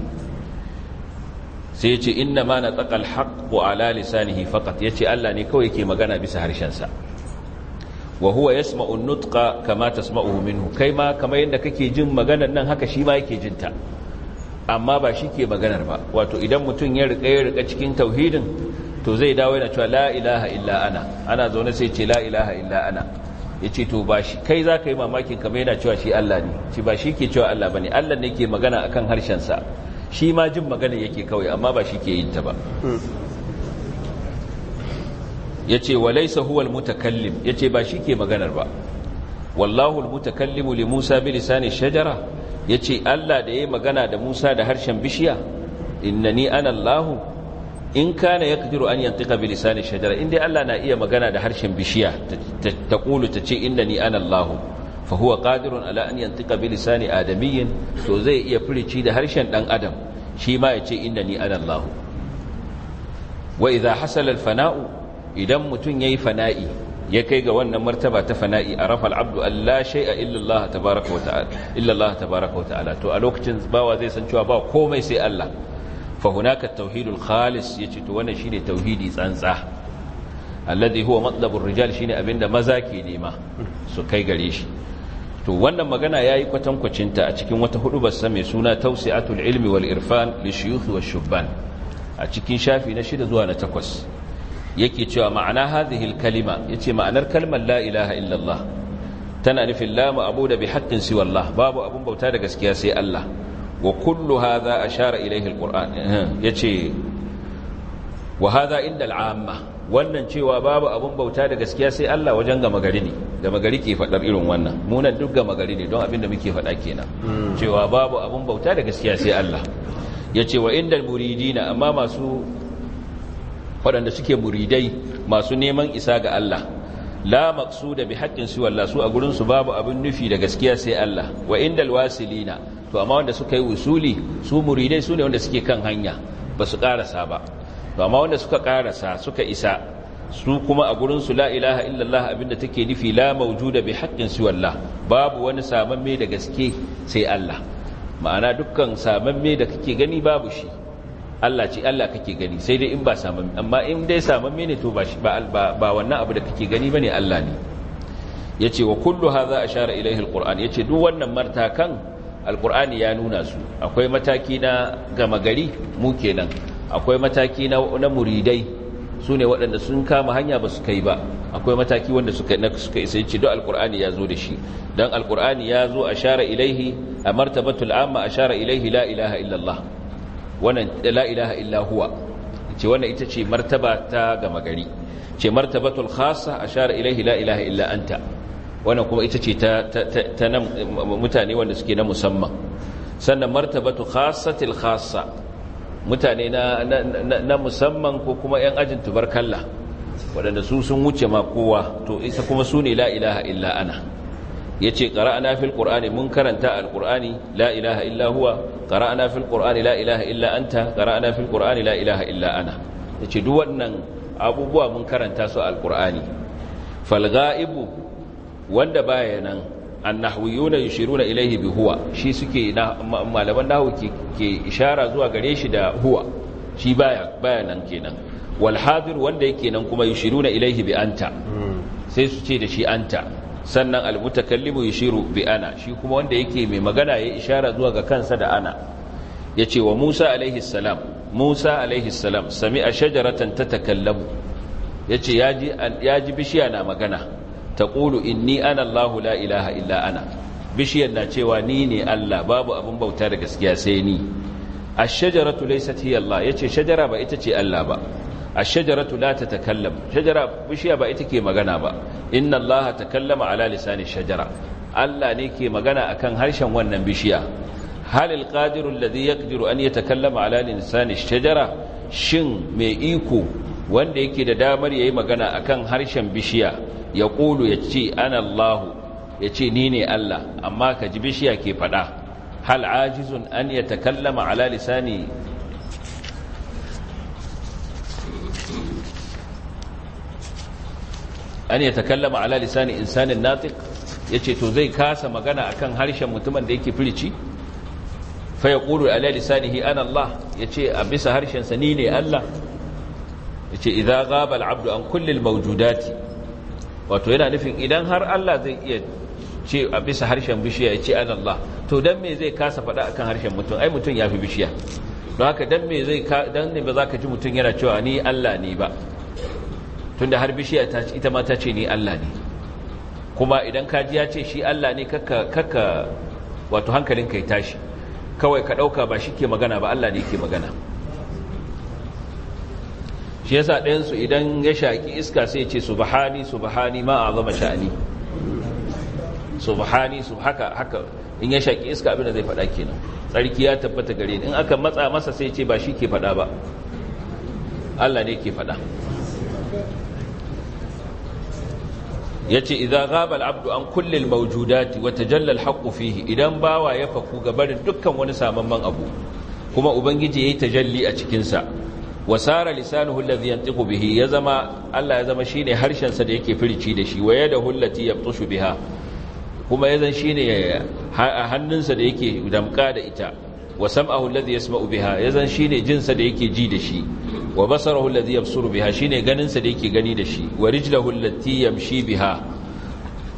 sai ya ce inna ma na tsakal haqqu ala lisanihi Ya yace Allah ne kawai ke magana bisa harshen sa wa huwa yasma'u nutqa kama tasma'uhu minhu kai ma kamar yadda kake jin maganar nan haka shi ma yake jin ta amma ba shi ke maganar ba wato idan mutum ya rika ya rika cikin tauhidin to zai dawo yana cewa la ilaha illa ana ana zaune sai ce la ilaha illa ana ya ce to ba shi kai za ka yi mamakin kamar yana cewa shi Allah ne ci ba shi ke cewa Allah ba ne Allah ne ke magana a kan harshensa shi ma jin magana yake kawai amma ba shi ke yin ta ba ya ce wa laisa mutakallim ya ce ba shi ke maganar ba wallahu mutakallimu li musa bi lisani shajara ya ce Allah da ya yi magana da musa da harshen bishiya innani ana Allahu in kana yaqdiru an yantiqa bi lisani shajara in Allah na iya magana da harshen bishiya ta qulu ta ce innani ana Allah fa huwa qadirun ala an yantiqa bi lisani adamiyyin to zai iya furici da harshen dan adam shi ma ya ce innani ana Allah wa idha hasala al fana'u idan mutun yayi fana'i ya kai ga wannan martaba ta fana'i arafa al abdu an la shay'a illa Allah tabaaraka wa ta'ala illa Allah tabaaraka wa ta'ala to a lokacin bawa zai san cewa ba komai sai Allah fa hunaka tauhidul khalis ce to wannan shine tauhidi tsantsa alladhi huwa matlabur rijal shine abinda maza ke nema su kai gare shi to wannan magana yayi kwatankwacin ta a cikin wata hudu sa mai suna tawsi'atul ilmi wal irfan li shuyukh shubban a cikin shafi na shida zuwa na takwas yake cewa ma'ana hadhihi kalima yace ma'anar kalmar la ilaha illallah tana nufin la ma'budu bi haqqin siwa Allah babu abun bauta da gaskiya sai Allah wa kullu hadha ashara ilayhi alquran yace wa hadha inda al'amma wannan cewa babu abun bauta da gaskiya sai Allah wajen gama gari ne gama gari ke fadar irin wannan mu nan duk gama gari ne don abin da muke fada kenan hmm. cewa babu abun bauta da gaskiya sai Allah yace wa inda muridina amma masu waɗanda suke muridai masu neman isa ga Allah la da bi haƙƙin su Allah su a gurinsu babu abin nufi da gaskiya sai Allah wa indal na to amma wanda suka yi wusuli su muridai su ne wanda suke kan hanya ba su ƙarasa ba to amma wanda suka karasa suka isa su kuma a gurinsu la ilaha illallah abinda take nufi la da bi haƙƙin su Allah babu wani samamme da gaske sai Allah ma'ana dukkan samamme da kake gani babu shi Allah ce Allah kake gani sai dai in ba samamme amma in dai samamme ne to ba wannan abu da kake gani ne Allah ne yace wa kullu share ashara ilayhi ya yace duk wannan martakan Alƙur'an ya nuna su akwai mataki na gama gari mu kenan akwai mataki na muridai su ne waɗanda sun kama hanya ba su kai ba akwai mataki wanda suka suka isa yace duk Alƙur'an ya zo da shi dan Alƙur'an ya zo a share ilayhi a martabatul amma share ilayhi la ilaha illallah wannan la ilaha illa huwa ce wannan ita ce martaba ta gama gari ce martabatul khassa ashara ilaihi la ilaha illa anta wannan kuma ita ce ta ta nan mutane wanda suke na musamman sannan martabatu khassatil khassa mutane na na musamman ko kuma yan ajin tubarkalla Wadanda su sun wuce ma kowa to isa kuma su ne la ilaha illa ana yace qara'na fil qur'ani mun karanta alqur'ani la ilaha illa huwa qara'na fil qur'ani la ilaha illa anta qara'na fil qur'ani la ilaha illa ana yace duk wannan abubuwa mun karanta su alqur'ani fal ghaibu wanda baya nan annahwiyuna na ilayhi bi huwa shi suke malaman nahwu ke ishara zuwa gare shi da huwa shi baya nan kenan wal wanda yake nan kuma yushiruna ilayhi bi anta hmm. sai su ce da shi anta sannan ya shiru bi ana shi kuma wanda yake mai magana ya ishara zuwa ga kansa da ana yace wa Musa alaihi Musa alaihi salam sami'a shajaratan Ya ce ya ji bishiya na magana Ta kulu inni ana Allahu la ilaha illa ana bishiyar na cewa ni ne Allah babu abin bauta da gaskiya sai ni ash-shajaratu laysat hiya Allah yace shajara ba ita ce Allah ba ash-shajaratu la tatakallam shajara bishiya ba ita ke magana ba inna Allah takallama ala lisani shajara Allah ne ke magana akan harshen wannan bishiya halil qadiru alladhi yaqdiru an yatakallama ala lisani shajara shin mai iko wanda yake da damar yayi magana akan harshen bishiya ya qulu yace ana Allah yace ni ne Allah amma ka ji bishiya ke fada hal ajizun an yatakallama ala lisani an yatakallama ala lisani insanin natiq yace to zai kasa magana akan harshen mutumin da yake firici fa yaqulu ala lisanihi ana Allah yace a bisa harshen sa ni ne Allah yace idza ghaba al-abdu an kulli al-mawjudati wato yana nufin idan har Allah zai iya ce a bisa harshen bishiya ya ce an Allah to dan me zai kasa faɗa akan harshen mutum ai mutum ya fi bishiya don haka dan me zai dan ne ba za ka ji mutum yana cewa ni Allah ne ba tunda har bishiya ta ita ma ta ce ni Allah ne kuma idan ka ji ya ce shi Allah ne kakka wato hankalin ka ya tashi kawai ka ɗauka ba shi ke magana ba Allah ne ke magana shi yasa ɗayansu idan ya shaƙi iska sai ce subhani subhani ma a zama sha'ani subhani su haka haka in ya shaki iska abin da zai faɗa kenan tsarki ya tabbata gare ni in aka matsa masa sai ce ba shi ke faɗa ba Allah ne ke faɗa yace ce idan al-abdu an kulle maujudati mawjudati wa tajalla fihi idan bawa ya faku gabarin dukkan wani samamman abu kuma ubangiji yayi tajalli a cikin sa wa sara lisanuhu alladhi yantiqu bihi ya zama Allah ya zama shine harshen sa da yake firici da shi wa yadahu allati yabtushu biha kuma ya zan shi ne hannunsa da yake damka da ita wa sam'ahu alladhi yasma'u biha ya zan shi ne jinsa da yake ji da shi wa basarahu alladhi yabsuru biha shi ne ganinsa da yake gani da shi wa rijlahu allati yamshi biha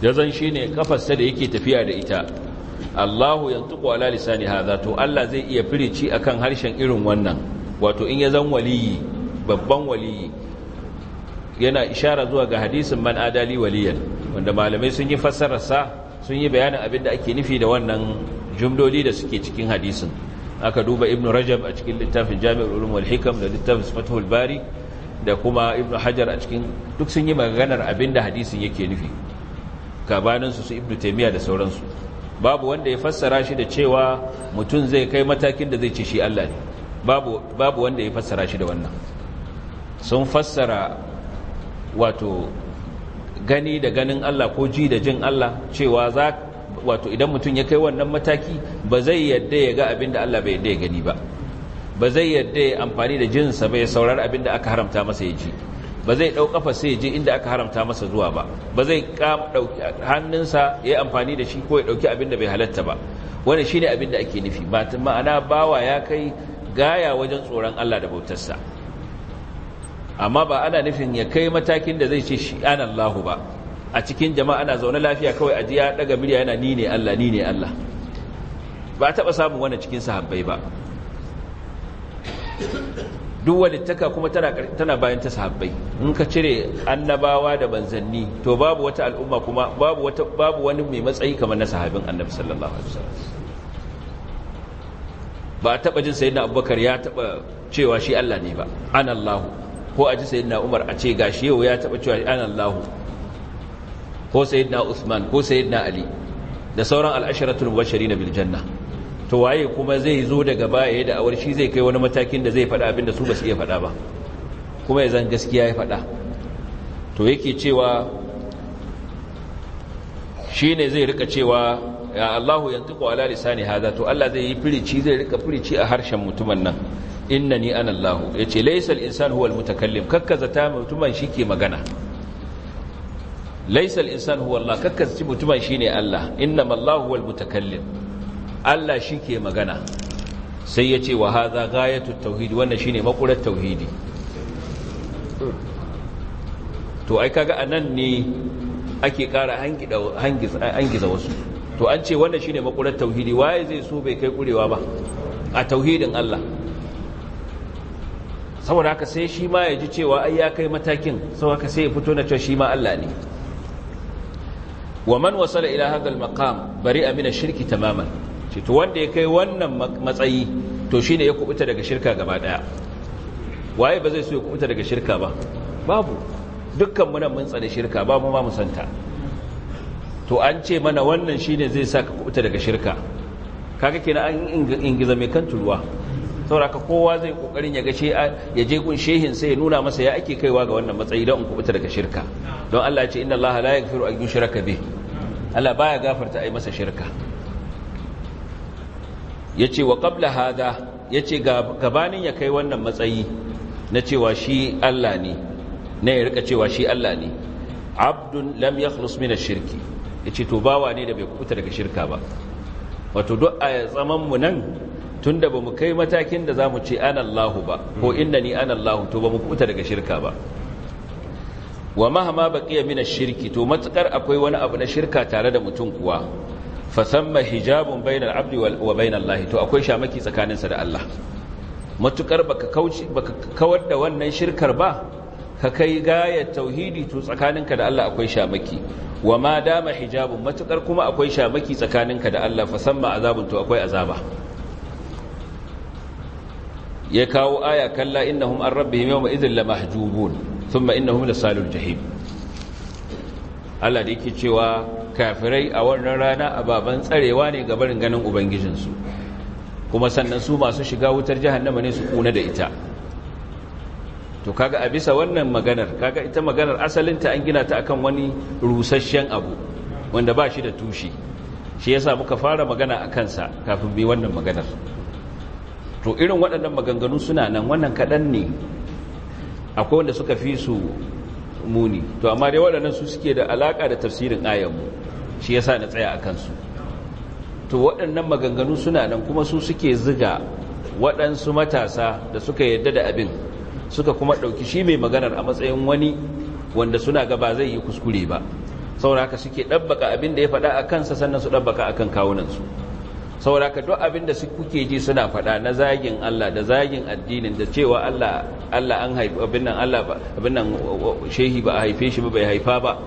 ya zan shi ne kafarsa da yake tafiya da ita Allahu yantuqu ala lisani hadha to Allah zai iya firici akan harshen irin wannan wato in ya zan waliyi babban waliyi yana ishara zuwa ga hadisin man adali waliyan wanda malamai sun yi fassararsa sun yi bayanin abin da ake nufi da wannan jumloli da suke cikin hadisin aka duba Ibnu rajab a cikin littafin jami'ul ulum wal hikam da littafin fathul bari da kuma ibn hajar a cikin duk sun yi maganar abin da hadisin yake nufi kabanin su su ibn taymiya da sauransu babu wanda ya fassara shi da cewa mutum zai kai matakin da zai ci shi Allah ne babu babu wanda ya fassara shi da wannan sun fassara wato gani da ganin Allah ko ji da jin Allah cewa za wato idan mutum ya kai wannan mataki ba zai yadda ya ga abin da Allah bai yadda ya gani ba ba zai yadda ya amfani da jinsa ba ya saurar abin da aka haramta masa ya ji ba zai ɗau ƙafa sai ya ji inda aka haramta masa zuwa ba ba zai ɗauki hannunsa ya yi amfani da shi ko ya ɗauki abin da bai halatta ba wani shine abin da ake nufi ma'ana bawa ya kai gaya wajen tsoron Allah da bautarsa amma ba ana nufin ya kai matakin da zai ce shi an Allahu ba a cikin jama'a ana zaune lafiya kawai a jiya daga murya yana ni ne Allah ni ne Allah ba taɓa samun wannan cikin sahabbai ba duk walittaka kuma tana bayan ta sahabbai in ka cire annabawa da manzanni to babu wata al'umma kuma babu wata babu wani mai matsayi kamar na sahabin annabi sallallahu alaihi wasallam ba taba jin sayyidina abubakar ya taba cewa shi Allah ne ba ana Allahu ko a ji sayyidina umar a ce gashi yau ya taba cewa ana allahu ko sayidina usman ko sayidina ali da sauran al'asharatul mubashirin na Biljanna. to waye kuma zai zo daga baya da awar shi zai kai wani matakin da zai faɗa abinda su ba su iya faɗa ba kuma ya zan gaskiya ya faɗa to yake cewa shi ne zai rika cewa ya Allahu yantiqu ala ne haza to Allah zai yi firici zai rika firici a harshen mutumin nan innani ana Allah Ya ce laisal insan huwa al-mutakallim kakkazata mutumin shike magana laysa al-insan huwa Allah ci mutumin shine Allah innama Allah huwa al-mutakallim Allah shike magana sai ya ce wa hadha ghayatu tauhid wannan shine makurar tauhidi to ai kaga anan ne ake kara hangiza wasu to an ce wannan shine makurar tauhidi waye zai so bai kai kurewa ba a tauhidin Allah saboda haka sai shi ma ya ji cewa ai ya kai matakin saboda haka sai ya fito na cewa shi ma Allah ne wa man wasala ila hadha al-maqam bari'a min ash-shirki tamaman ce to wanda ya kai wannan matsayi to shine ya kubuta daga shirka gaba daya waye ba zai so ya kubuta daga shirka ba babu dukkan mu mun tsare shirka ba mu ma mu santa to an ce mana wannan shine zai saka kubuta daga shirka kaga kenan an ingiza mai kan turuwa saboda kowa zai kokarin ya ga ya je kun shehin sai ya nuna masa ya ake kaiwa ga wannan matsayi don in kubuta daga shirka don Allah ya ce inna Allah la yaghfiru an yushraka bihi Allah baya gafarta ai masa shirka yace wa qabla hada yace gabanin ya kai wannan matsayi na cewa shi Allah ne na ya rika cewa shi Allah ne abdun lam yakhlus min ash-shirki yace to bawa ne da bai kubuta daga shirka ba wato duk a zaman mu nan tunda ba mu kai matakin da za mu ce ana Allahu ba ko mm-hmm. inda ni ana Allahu to ba mu kuta daga shirka ba wa mahama ba min ash-shirki to matukar akwai wani abu na shirka tare da mutum kuwa fa hijabun bainal abdi wa bainal lahi to akwai shamaki tsakaninsa da Allah matukar baka kauce baka kawar da wannan shirkar ba ka kai gaya tauhidi to tsakaninka da Allah akwai shamaki wa ma dama hijabun matukar kuma akwai shamaki tsakaninka da Allah fa samma azabun to akwai azaba ya kawo aya kalla innahum an rabbihim yawma idhil mahjubun thumma innahum lasalul jahim Allah da yake cewa kafirai a wannan rana ababan tsarewa ne ga barin ganin ubangijinsu kuma sannan su masu shiga wutar jihar jahannama ne su kuna da ita to kaga a bisa wannan maganar kaga ita maganar asalinta an gina ta akan wani rusasshen abu wanda ba shi da tushe shi yasa muka fara magana a kansa kafin bi wannan maganar to irin waɗannan maganganu suna nan wannan kaɗan ne akwai wanda suka fi su muni to amma dai waɗannan su suke da alaƙa da tafsirin ayanmu shi ya sa na tsaya a kansu to waɗannan maganganu suna nan kuma su suke ziga waɗansu matasa da suka yadda da abin suka kuma ɗauki shi mai maganar a matsayin wani wanda suna ga ba zai yi kuskure ba saura haka suke ɗabbaka abin da ya faɗa a kansa sannan su ɗabbaka a kan kawunansu saboda ka duk abin da su kuke ji suna faɗa na zagin Allah da zagin addinin da cewa Allah Allah an haifi abin nan Allah ba abin nan shehi ba a haife shi ba bai haifa ba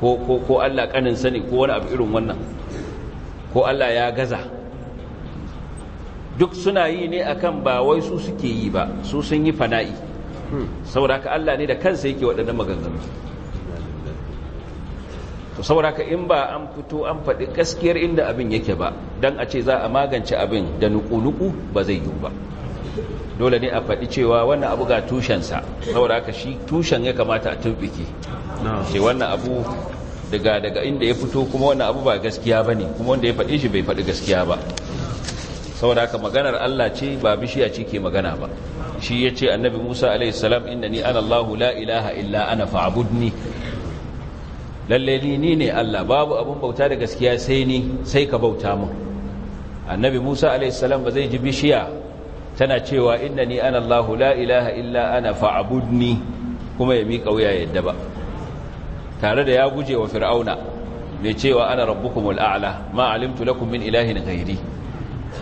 ko ko ko Allah kanin sani ko wani abu irin wannan ko Allah ya gaza duk suna yi ne akan ba wai su suke yi ba su sun yi fana'i saboda ka Allah ne da kansa yake waɗannan maganganu saboda haka in ba an fito an faɗi gaskiyar inda abin yake ba don a ce za a magance abin da nuku-nuku ba zai yiwu ba dole ne a faɗi cewa wannan abu ga tushensa saboda ka shi tushen ya kamata a tumbiki ce wannan abu daga daga inda ya fito kuma wannan abu ba gaskiya ba ne kuma wanda ya faɗi shi bai faɗi gaskiya ba saboda ka maganar Allah ce ba bishiya ce ke magana ba shi ya ce annabi musa alaihissalam inda ni ana allahu la ilaha illa ana fa'abudni lalle ni ni ne Allah babu abun bauta da gaskiya sai ni sai ka bauta min annabi Musa alaihi salam ba zai ji bishiya tana cewa innani ana Allahu, la ilaha illa ana fa'budni kuma ya miƙa wuya yadda ba tare da ya guje wa fir'auna mai cewa ana rabbukumul a'la ma alimtu lakum min ilahin ghairi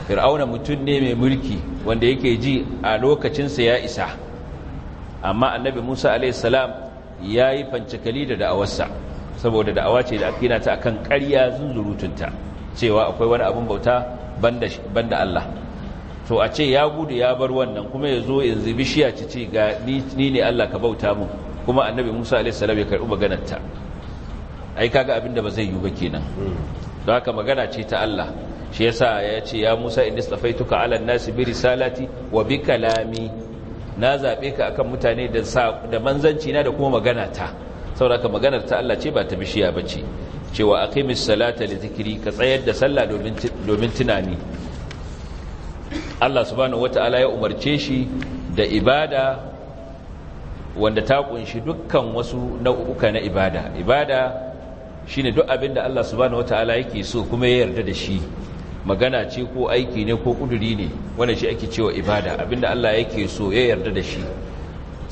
fir'auna mutum ne mai mulki wanda yake ji a lokacinsa ya isa amma annabi Musa alaihi salam yayi fancikali da da'awarsa saboda da'awa ce da akina ta akan ƙarya zunzurutunta cewa akwai wani abin bauta banda Allah to a ce ya gudu ya bar wannan kuma ya zo yanzu bishiya ci ce ga ni ne Allah ka bauta mu kuma annabi Musa alaihi salam ya karɓi maganarta ai kaga abin da ba zai yi ba kenan don haka magana ce ta Allah shi yasa ya ce ya Musa in stafaituka ala nasi bi risalati wa bi kalami na zabe ka akan mutane da manzanci na da kuma magana ta saboda maganar ta Allah ce ba ta bishiya ba ce cewa kai salata li zikiri ka tsayar da sallah domin tunani Allah subhanahu wataala ya umarce shi da ibada wanda ta kunshi dukkan wasu nau'uka na ibada ibada shine duk abin da Allah subhanahu wataala yake so kuma ya yarda da shi magana ce ko aiki ne ko kuduri ne wanda shi ake cewa ibada abinda Allah yake so ya yarda da shi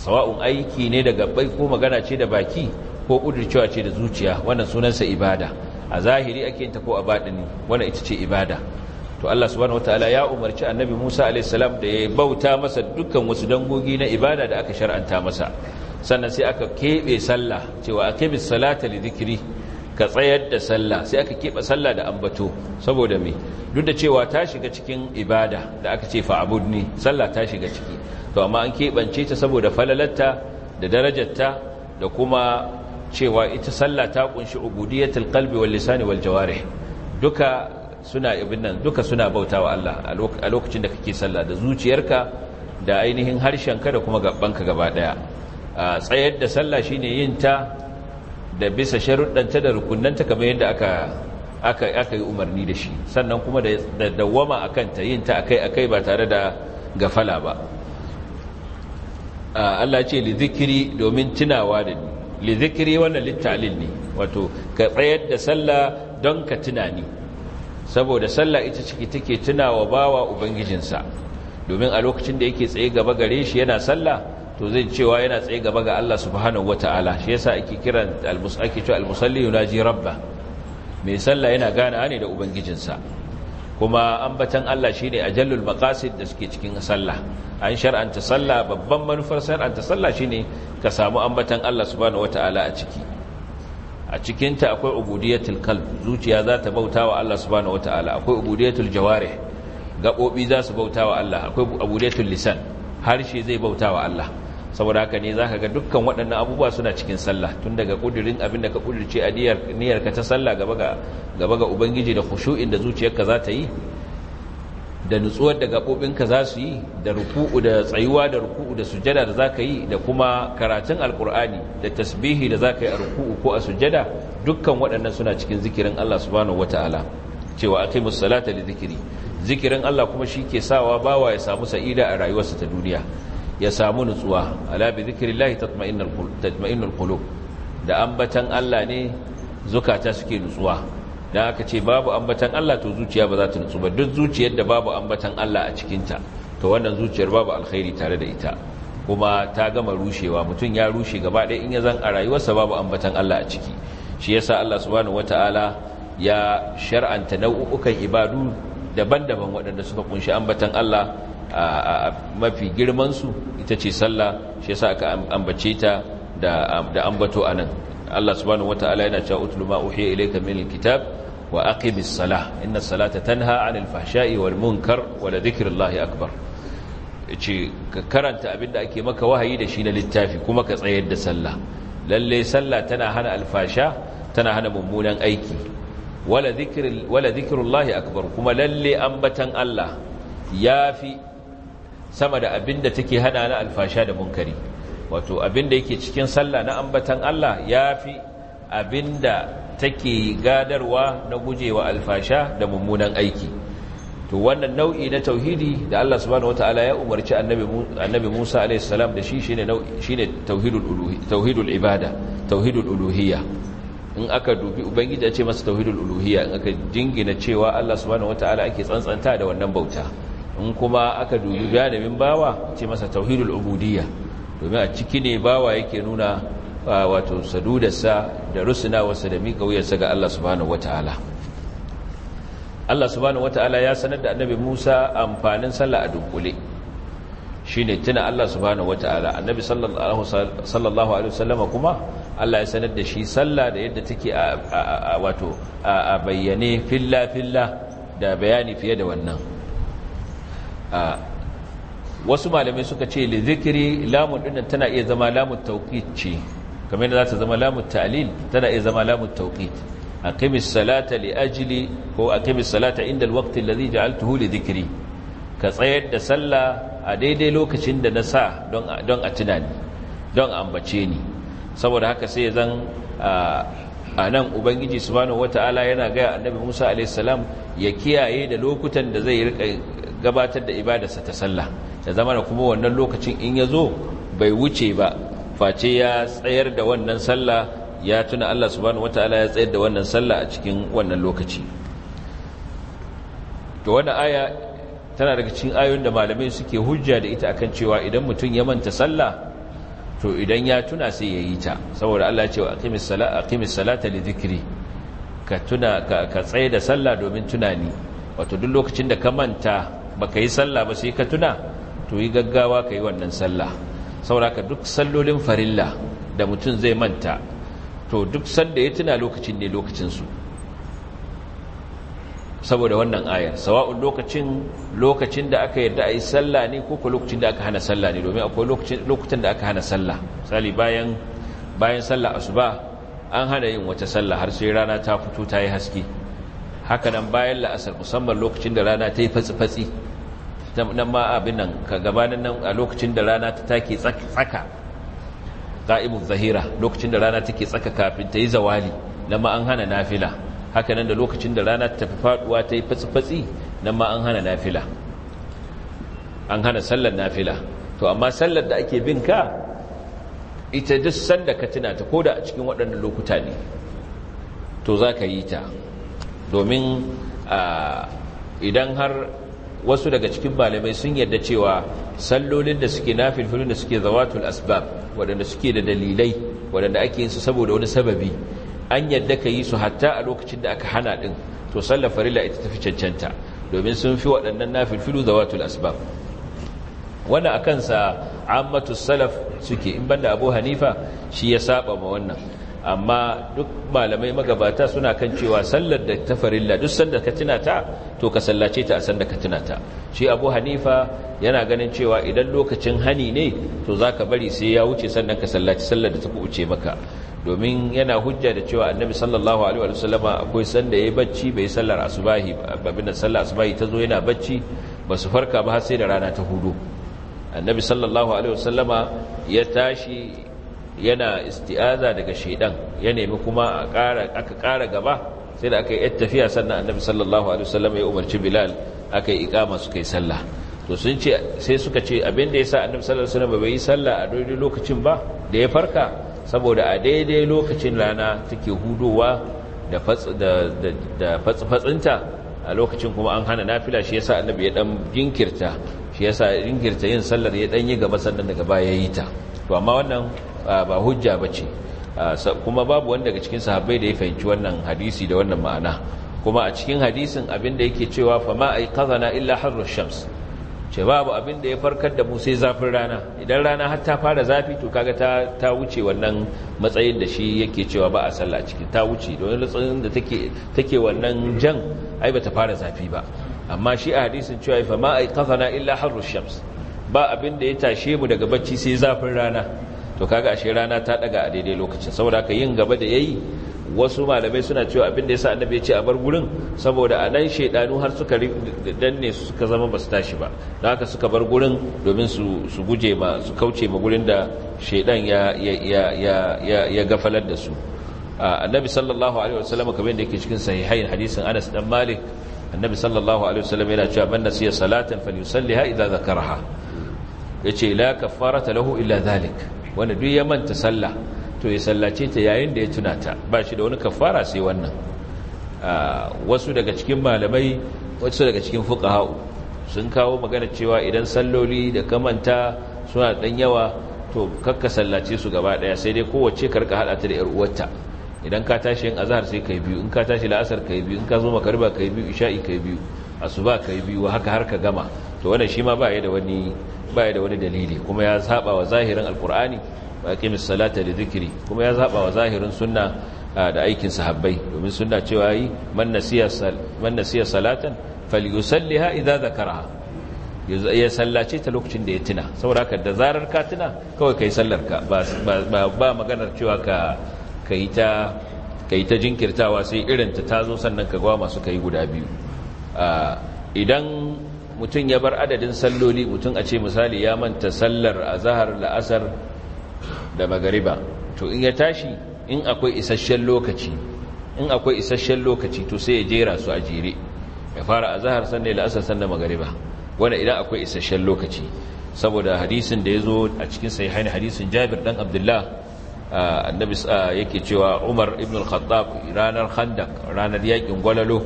sawa'un aiki ne da bai ko magana ce da baki ko kudircewa ce da zuciya wannan sunansa ibada a zahiri ake yin ta ko a baɗini wannan ita ce ibada to Allah subhanahu wataala ya umarci annabi Musa alayhi da ya bauta masa dukkan wasu dangogi na ibada da aka shar'anta masa sannan sai aka keɓe sallah cewa aqimis salata li ka tsayar da sallah sai aka keɓe sallah da ambato saboda me duk da cewa ta shiga cikin ibada da aka ce fa'budni sallah ta shiga ciki to amma an keɓance ta saboda falalarta da darajarta da kuma cewa ita sallah ta kunshi ubudiyatul qalbi wal lisani wal jawarih duka suna ibn nan duka suna bautawa Allah a lokacin da kake sallah da zuciyarka da ainihin harshenka da kuma gabanka gaba daya tsayar da sallah shine yin ta da bisa sharuddanta da rukunnanta kamar yadda aka aka aka yi umarni da shi sannan kuma da dawwama akan ta yin ta akai akai ba tare da gafala ba Ah, Allah ce li zikiri domin tunawa da ni li zikiri wannan littalin ne wato ka tsayar da sallah don ka tunani saboda sallah ita ciki take tunawa bawa ubangijinsa domin a lokacin da yake tsaye gaba gare shi yana sallah to zai cewa yana tsaye gaba ga Allah subhanahu wataala shi yasa ake kiran almus ake cewa almusalli yunaji rabba mai sallah yana gana ne da ubangijinsa kuma ambatan Allah shine ajallul maqasid da suke cikin sallah an shar'anta sallah babban manufar shar'anta sallah shine ka samu ambatan Allah subhanahu wataala a ciki a cikin ta akwai ubudiyatul qalb zuciya za ta bautawa Allah subhanahu wataala akwai ubudiyatul jawarih gabobi za su bautawa Allah akwai ubudiyatul lisan harshe zai bautawa Allah saboda haka ne zaka ga dukkan waɗannan abubuwa suna cikin sallah tun daga kudirin abin da ka kudirce a niyyarka ta sallah gaba ga ubangiji da kushu'in da zuciyarka za ta yi da nutsuwar da ka za su yi da ruku'u da tsayuwa da ruku'u da sujada da za ka yi da kuma karatun alkur'ani da tasbihi da za ka yi a ruku'u ko a sujada dukkan waɗannan suna cikin zikirin Allah subhanahu wata'ala cewa a kai musalata da zikiri zikirin Allah kuma shi ke sawa bawa ya samu sa'ida a rayuwarsa ta duniya ya samu nutsuwa ala bi zikrillah tatma'innul qulub da ambatan Allah ne zukata suke nutsuwa dan aka ce babu ambatan Allah to zuciya ba za ta nutsu ba duk zuciyar da babu ambatan Allah a cikin ta to wannan zuciyar babu alkhairi tare da ita kuma ta gama rushewa mutum ya rushe gaba ɗaya in ya zan a rayuwarsa babu ambatan Allah a ciki shi yasa Allah subhanahu wataala ya shar'anta nau'ukan ibadu daban-daban waɗanda suka kunshi ambatan Allah mafi girmansu ita ce sallah shi yasa aka ambace ta da ambato anan Allah subhanahu wataala yana cewa utlu ma uhiya ilayka min alkitab wa aqimis salah inna salata tanha 'anil fahsha'i wal munkar wa la akbar ce ka karanta abinda ake maka wahayi da shi na littafi kuma ka tsayar da sallah lalle sallah tana hana alfasha tana hana mummunan aiki wala dhikrullahi akbar kuma lalle ambatan Allah yafi sama da abin da take hana na alfasha da munkari wato abin da yake cikin sallah na ambatan Allah ya fi abin da take gadarwa na gujewa alfasha da mummunan aiki to wannan nau'i na tauhidi da Allah subhanahu wataala ya umarci annabi annabi Musa alayhi salam da shi shine shine tauhidul uluhi tauhidul ibada tauhidul uluhiyya in aka dubi ubangiji ya ce masa tauhidul uluhiyya in aka jingina cewa Allah subhanahu wataala ake tsantsanta da wannan bauta in kuma aka dubi galibin bawa ce masa tauhidul ubudiyya domin a ciki ne bawa yake nuna wato sadudarsa da rusunawarsa da miƙa wuyarsa ga Allah subhanahu wataala Allah subhanahu wataala ya sanar da annabi Musa amfanin sallah a dunkule shine tuna Allah subhanahu wataala annabi sallallahu alaihi wasallama kuma Allah ya sanar da shi sallah da yadda take a wato a bayyane filla filla da bayani fiye da wannan wasu malamai suka ce li zikiri lamun dinnan tana iya zama lamun tawqit ce kamar yadda za ta zama lamun ta'lil tana iya zama lamun tawqit aqimis salata li ajli ko aqimis salata inda alwaqt alladhi ja'altuhu li dhikri ka tsayar da sallah a daidai lokacin da na sa don don a tunani don ambace ni saboda haka sai zan a nan ubangiji subhanahu wataala yana ga annabi Musa alaihi salam ya kiyaye da lokutan da zai rika gabatar da ibadarsa ta sallah Da zama da kuma wannan lokacin in ya zo bai wuce ba face ya tsayar da wannan sallah ya tuna Allah subhanahu wataala ya tsayar da wannan sallah a cikin wannan lokaci to wannan aya tana daga cikin ayoyin da malamai suke hujja da ita akan cewa idan mutum ya manta sallah to idan ya tuna sai ya yi ta saboda Allah ya ce wa aqimis salata aqimis salata li dhikri ka tuna ka, ka da sallah domin tunani wato duk lokacin da ka manta baka yi sallah ba sai ka tuna to yi gaggawa ka yi wannan sallah sauraka duk sallolin farilla da mutum zai manta to duk sanda ya tuna lokacin ne lokacinsu saboda wannan ayar sawa'un lokacin lokacin da aka yarda a yi sallah ne ko lokacin da aka hana sallah ne domin akwai lokutan da aka hana sallah misali bayan bayan sallah asuba an hana yin wata sallah har sai rana ta fito ta yi haske hakanan bayan la'asar musamman lokacin da rana ta yi fatsi-fatsi nan ma abin nan ka gabanin nan a lokacin da rana ta take tsaka qa'imuz zahira lokacin da rana take tsaka kafin ta yi zawali nan ma an hana nafila haka nan da lokacin da rana ta tafi faduwa ta yi fatsi nan ma an hana nafila an hana sallar nafila to amma sallar da ake bin ka ita duk sanda ka tuna ta koda a cikin waɗannan lokuta ne to za ka yi ta domin ah, idan har wasu daga cikin malamai sun yarda cewa sallolin da suke nafilfilun da suke zawatul asbab waɗanda suke da dalilai waɗanda ake yin su saboda wani sababi an yarda ka yi su hatta a lokacin da aka hana ɗin to sallar farilla ita tafi cancanta domin sun fi waɗannan nafilfilu zawatul asbab wannan akan sa ammatus salaf suke in banda abu hanifa shi ya saba ma wannan amma duk malamai magabata suna kan cewa sallar da ta farilla duk sanda ka tuna ta to ka sallace ta a sanda ka tuna ta shi abu hanifa yana ganin cewa idan lokacin hani ne to za ka bari sai ya wuce sannan ka sallaci sallar da ta wuce maka domin yana hujja da cewa annabi sallallahu alaihi wa sallama akwai sanda yayi bacci bai sallar asubahi ba bin sallar asubahi tazo yana bacci ba su farka ba har sai da rana ta hudu annabi sallallahu alaihi wa sallama ya tashi yana isti'aza daga shaidan ya nemi kuma aka ƙara gaba sai da aka yi tafiya sannan annabi sallallahu alaihi wasallam ya umarci bilal aka yi ikama suka yi sallah to sun ce sai suka ce abin da yasa annabi sallallahu alaihi wasallam bai yi sallah a daidai lokacin ba da ya farka saboda a daidai lokacin rana take hudowa da fatsi-fatsinta a lokacin kuma an hana nafila shi yasa annabi ya dan jinkirta shi yasa jinkirta yin sallar ya dan yi gaba sannan daga baya yi ta to amma wannan ba hujja ba ce kuma babu wanda daga cikin sahabbai da ya fahimci wannan hadisi da wannan ma'ana kuma a cikin hadisin abin da yake cewa fa ma aiqazana illa harru shams ce babu abin ya farkar da mu sai zafin rana idan rana har ta fara zafi to kaga ta ta wuce wannan matsayin da shi yake cewa ba a sallah ciki ta wuce don lutsin da take take wannan jan ai ba ta fara zafi ba amma shi a hadisin cewa fa ma aiqazana illa harru shams ba abinda ya tashe mu daga bacci sai zafin rana to kaga ashe rana ta daga a daidai lokacin saboda ka yin gaba da yayi wasu malamai suna cewa abin da yasa annabi ya ce a bar gurin saboda a nan shedanu har suka danne su suka zama basu tashi ba don haka suka bar gurin domin su su guje ma su kauce ma gurin da shedan ya ya ya ya gafalar da su annabi sallallahu alaihi wasallam kamar da yake cikin sahihain hadisin Anas dan Malik annabi sallallahu alaihi wasallam yana cewa man nasiya salatan falyusalliha idza zakaraha yace la kafarata lahu illa dhalik wanda duk ya manta sallah to ya sallace ta yayin da ya tuna ta ba shi da wani kafara sai wannan ah, wasu daga cikin malamai wasu daga cikin fuqaha'u sun kawo magana cewa idan salloli da kamanta suna dan yawa to kakka sallace su gaba daya sai dai kowace karka hada ta da yar uwarta idan ka tashi yin azhar sai kai biyu in ka tashi la'asar kai biyu in ka zo magariba kai biyu isha'i kai biyu asuba kai biyu haka har ka gama to wannan shi ma ba ya da wani baya da wani dalili kuma ya zaba wa zahirin alkur'ani ba ke salata da zikiri kuma ya zaba wa zahirin sunna da aikin sahabbai domin sunna cewa yi man siya salatan falyusalliha idza zakaraha ya sallace ta lokacin da ya tuna saboda haka da zarar ka tuna kawai yi sallar ka ba maganar cewa ka yi ta jinkirtawa sai irin ta tazo sannan ka gwa masu yi guda biyu idan mutum ya bar adadin salloli mutum a ce misali ya manta sallar azhar la'asar da magariba to in ya tashi in akwai isasshen lokaci in akwai isasshen lokaci to sai ya jera su a jere ya fara azhar sannan la'asar sannan magariba wanda idan akwai isasshen lokaci saboda hadisin da ya zo a cikin sahihain hadisin Jabir dan Abdullah ah, annabi ah, yake cewa Umar ibn al-Khattab ranar khandak ranar yakin Gwalalo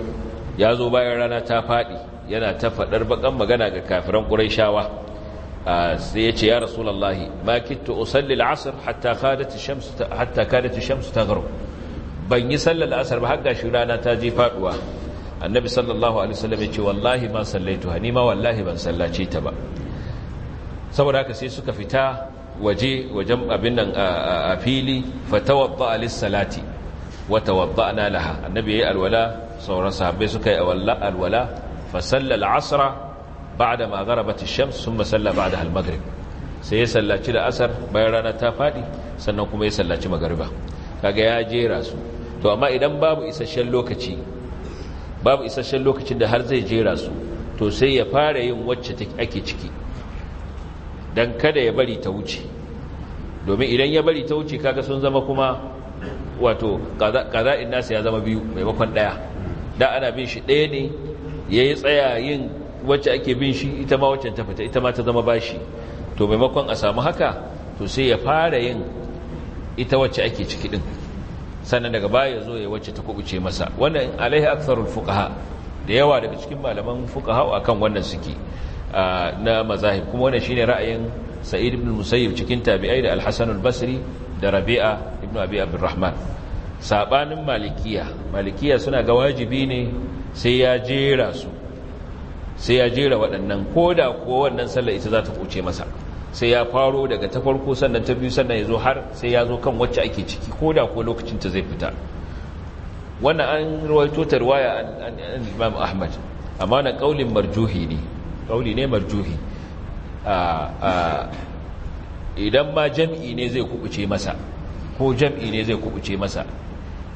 ya zo bayan rana ta faɗi. yana ta faɗar bakan magana ga kafiran ƙuraishawa sai ya ce ya rasulallahi ma kittu usalli al'asr hatta kadat shamsu. shams hatta kadat ash ban yi sallar asar ba har gashi rana ta je faɗuwa. annabi sallallahu alaihi wasallam ya ce wallahi ma sallaituha ni ma wallahi ban sallace ta ba saboda haka sai suka fita waje wajen abin nan a fili fatawadda lis-salati laha annabi yi alwala sauran sahabbai suka yi alwala fasalla al'asra ba'da ma gharabat ash-shams thumma salla ba'da al-maghrib sai ya sallaci da asar bayan rana ta fadi sannan kuma ya sallaci magriba kaga ya jera su to amma idan babu isasshen lokaci babu isasshen lokacin da har zai jera su to sai ya fara yin wacce ake ciki dan kada ya bari ta wuce domin idan ya bari ta wuce kaga sun zama kuma wato kaza'in nasu ya zama biyu maimakon daya da ana bin shi ɗaya ne ya yi tsaya yin wacce ake bin shi ita ma wacce ta fita ita ma ta zama bashi to maimakon a samu haka to sai ya fara yin ita wacce ake ciki din sannan daga baya zo ya wacce ta kubuce masa wannan alaihi aktharul fuqaha da yawa daga cikin malaman fuqaha akan wannan suke na mazahib kuma wannan shine ra'ayin sa'id ibn musayyib cikin tabi'ai da al-hasan al-basri da rabi'a ibn abi abdurrahman sabanin malikiya malikiya suna ga wajibi ne sai ya jera su sai ya jera waɗannan ko da kuwa wannan sallar ita za ta kuce masa sai ya faro daga ta farko sannan ta biyu sannan ya zo har sai ya zo kan wacce ake ciki ko da kuwa lokacin ta zai fita wannan an rawaito ta ruwaya an imam ahmad amma na kaulin marjuhi ne kauli ne marjuhi idan ma jam'i ne zai kuɓuce masa ko jam'i ne zai kubuce masa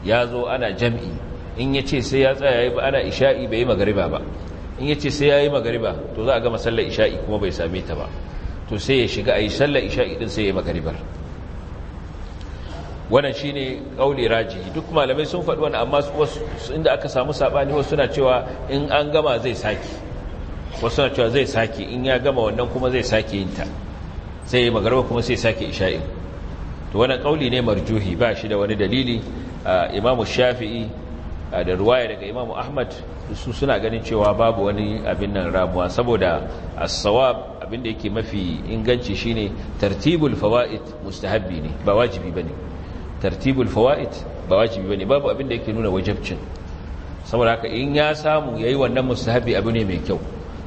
ya zo ana jam'i in ya ce sai ya tsaya ya ba ana isha'i bai yi magariba ba in ya ce sai ya yi magariba to za a gama sallar isha'i kuma bai same ta ba to sai ya shiga a yi sallar isha'i din sai ya yi magaribar wannan shi ne ƙauli raji duk malamai sun faɗi wani amma inda aka samu saɓani wasu suna cewa in an gama zai sake wasu suna cewa zai sake in ya gama wannan kuma zai sake yinta sai ya magariba kuma sai sake isha'in to wannan kauli ne marjuhi ba shi da wani dalili imamu shafi'i da ruwaya daga imamu ahmad su suna ganin cewa babu wani abin nan ramuwa saboda as-sawab abin da yake mafi inganci shine tartibul fawaid mustahabbi ne ba wajibi bane tartibul fawaid ba wajibi bane babu abin da yake nuna wajibcin saboda haka in ya samu yayi wannan mustahabbi abu ne mai kyau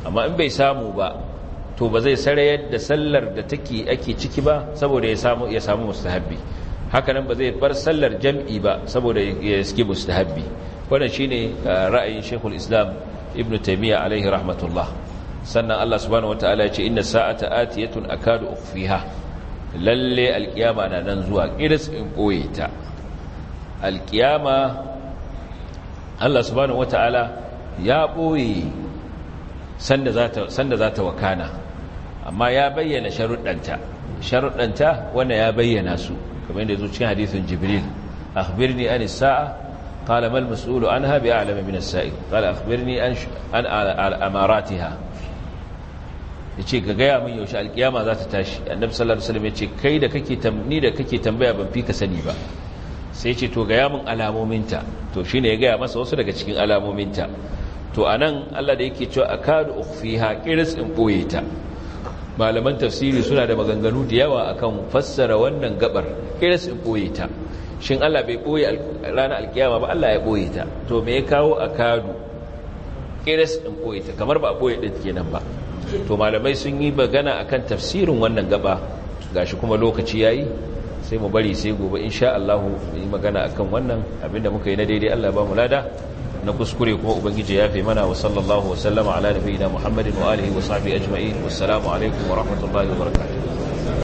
amma in bai samu ba to ba zai sare da sallar da take ake ciki ba saboda ya samu ya samu mustahabbi haka nan ba zai bar sallar jam'i ba saboda ya ski mustahabbi wannan shine uh, ra'ayin Sheikhul Islam Ibn Taymiyyah alayhi rahmatullah sannan Allah subhanahu wataala ya ce inna sa'ata atiyatun akadu ukhfiha lalle alkiyama na nan zuwa kiris in koyeta ta alkiyama Allah subhanahu wataala ya boye sanda za ta wakana amma ya bayyana sharuɗanta sharuɗanta wanda ya bayyana su kamar yadda zo cikin hadisin jibril akhbirni an sa'a qala mal mas'ulu anha bi a'lam min as-sa'il qala akhbirni an an al-amaratiha yace ga gaya min yaushe alkiyama za ta tashi annabi sallallahu alaihi wasallam yace kai da kake tamni da kake tambaya ban fi ka sani ba sai ce to gaya min alamominta to shine ya gaya masa wasu daga cikin alamominta to anan Allah da yake cewa akadu ukhfiha qiris in boye ta malaman tafsiri suna da maganganu da yawa akan fassara wannan gabar kira su ɓoye ta shin Allah bai ɓoye ranar alkiyama ba Allah ya ɓoye ta to me ya kawo akadu kira su ɓoye ta kamar ba boye ɗin kenan ba to malamai sun yi magana akan tafsirin wannan gaba shi kuma lokaci ya yi, sai mu bari sai gobe insha Allah mu yi magana akan wannan abinda muka yi na daidai Allah ba mu lada na kuskure kuma ubangiji ya fi mana wa sallallahu wa sallama ala nabiyina muhammadin wa alihi wa sahbihi ajma'in wassalamu alaikum wa rahmatullahi wa barakatuh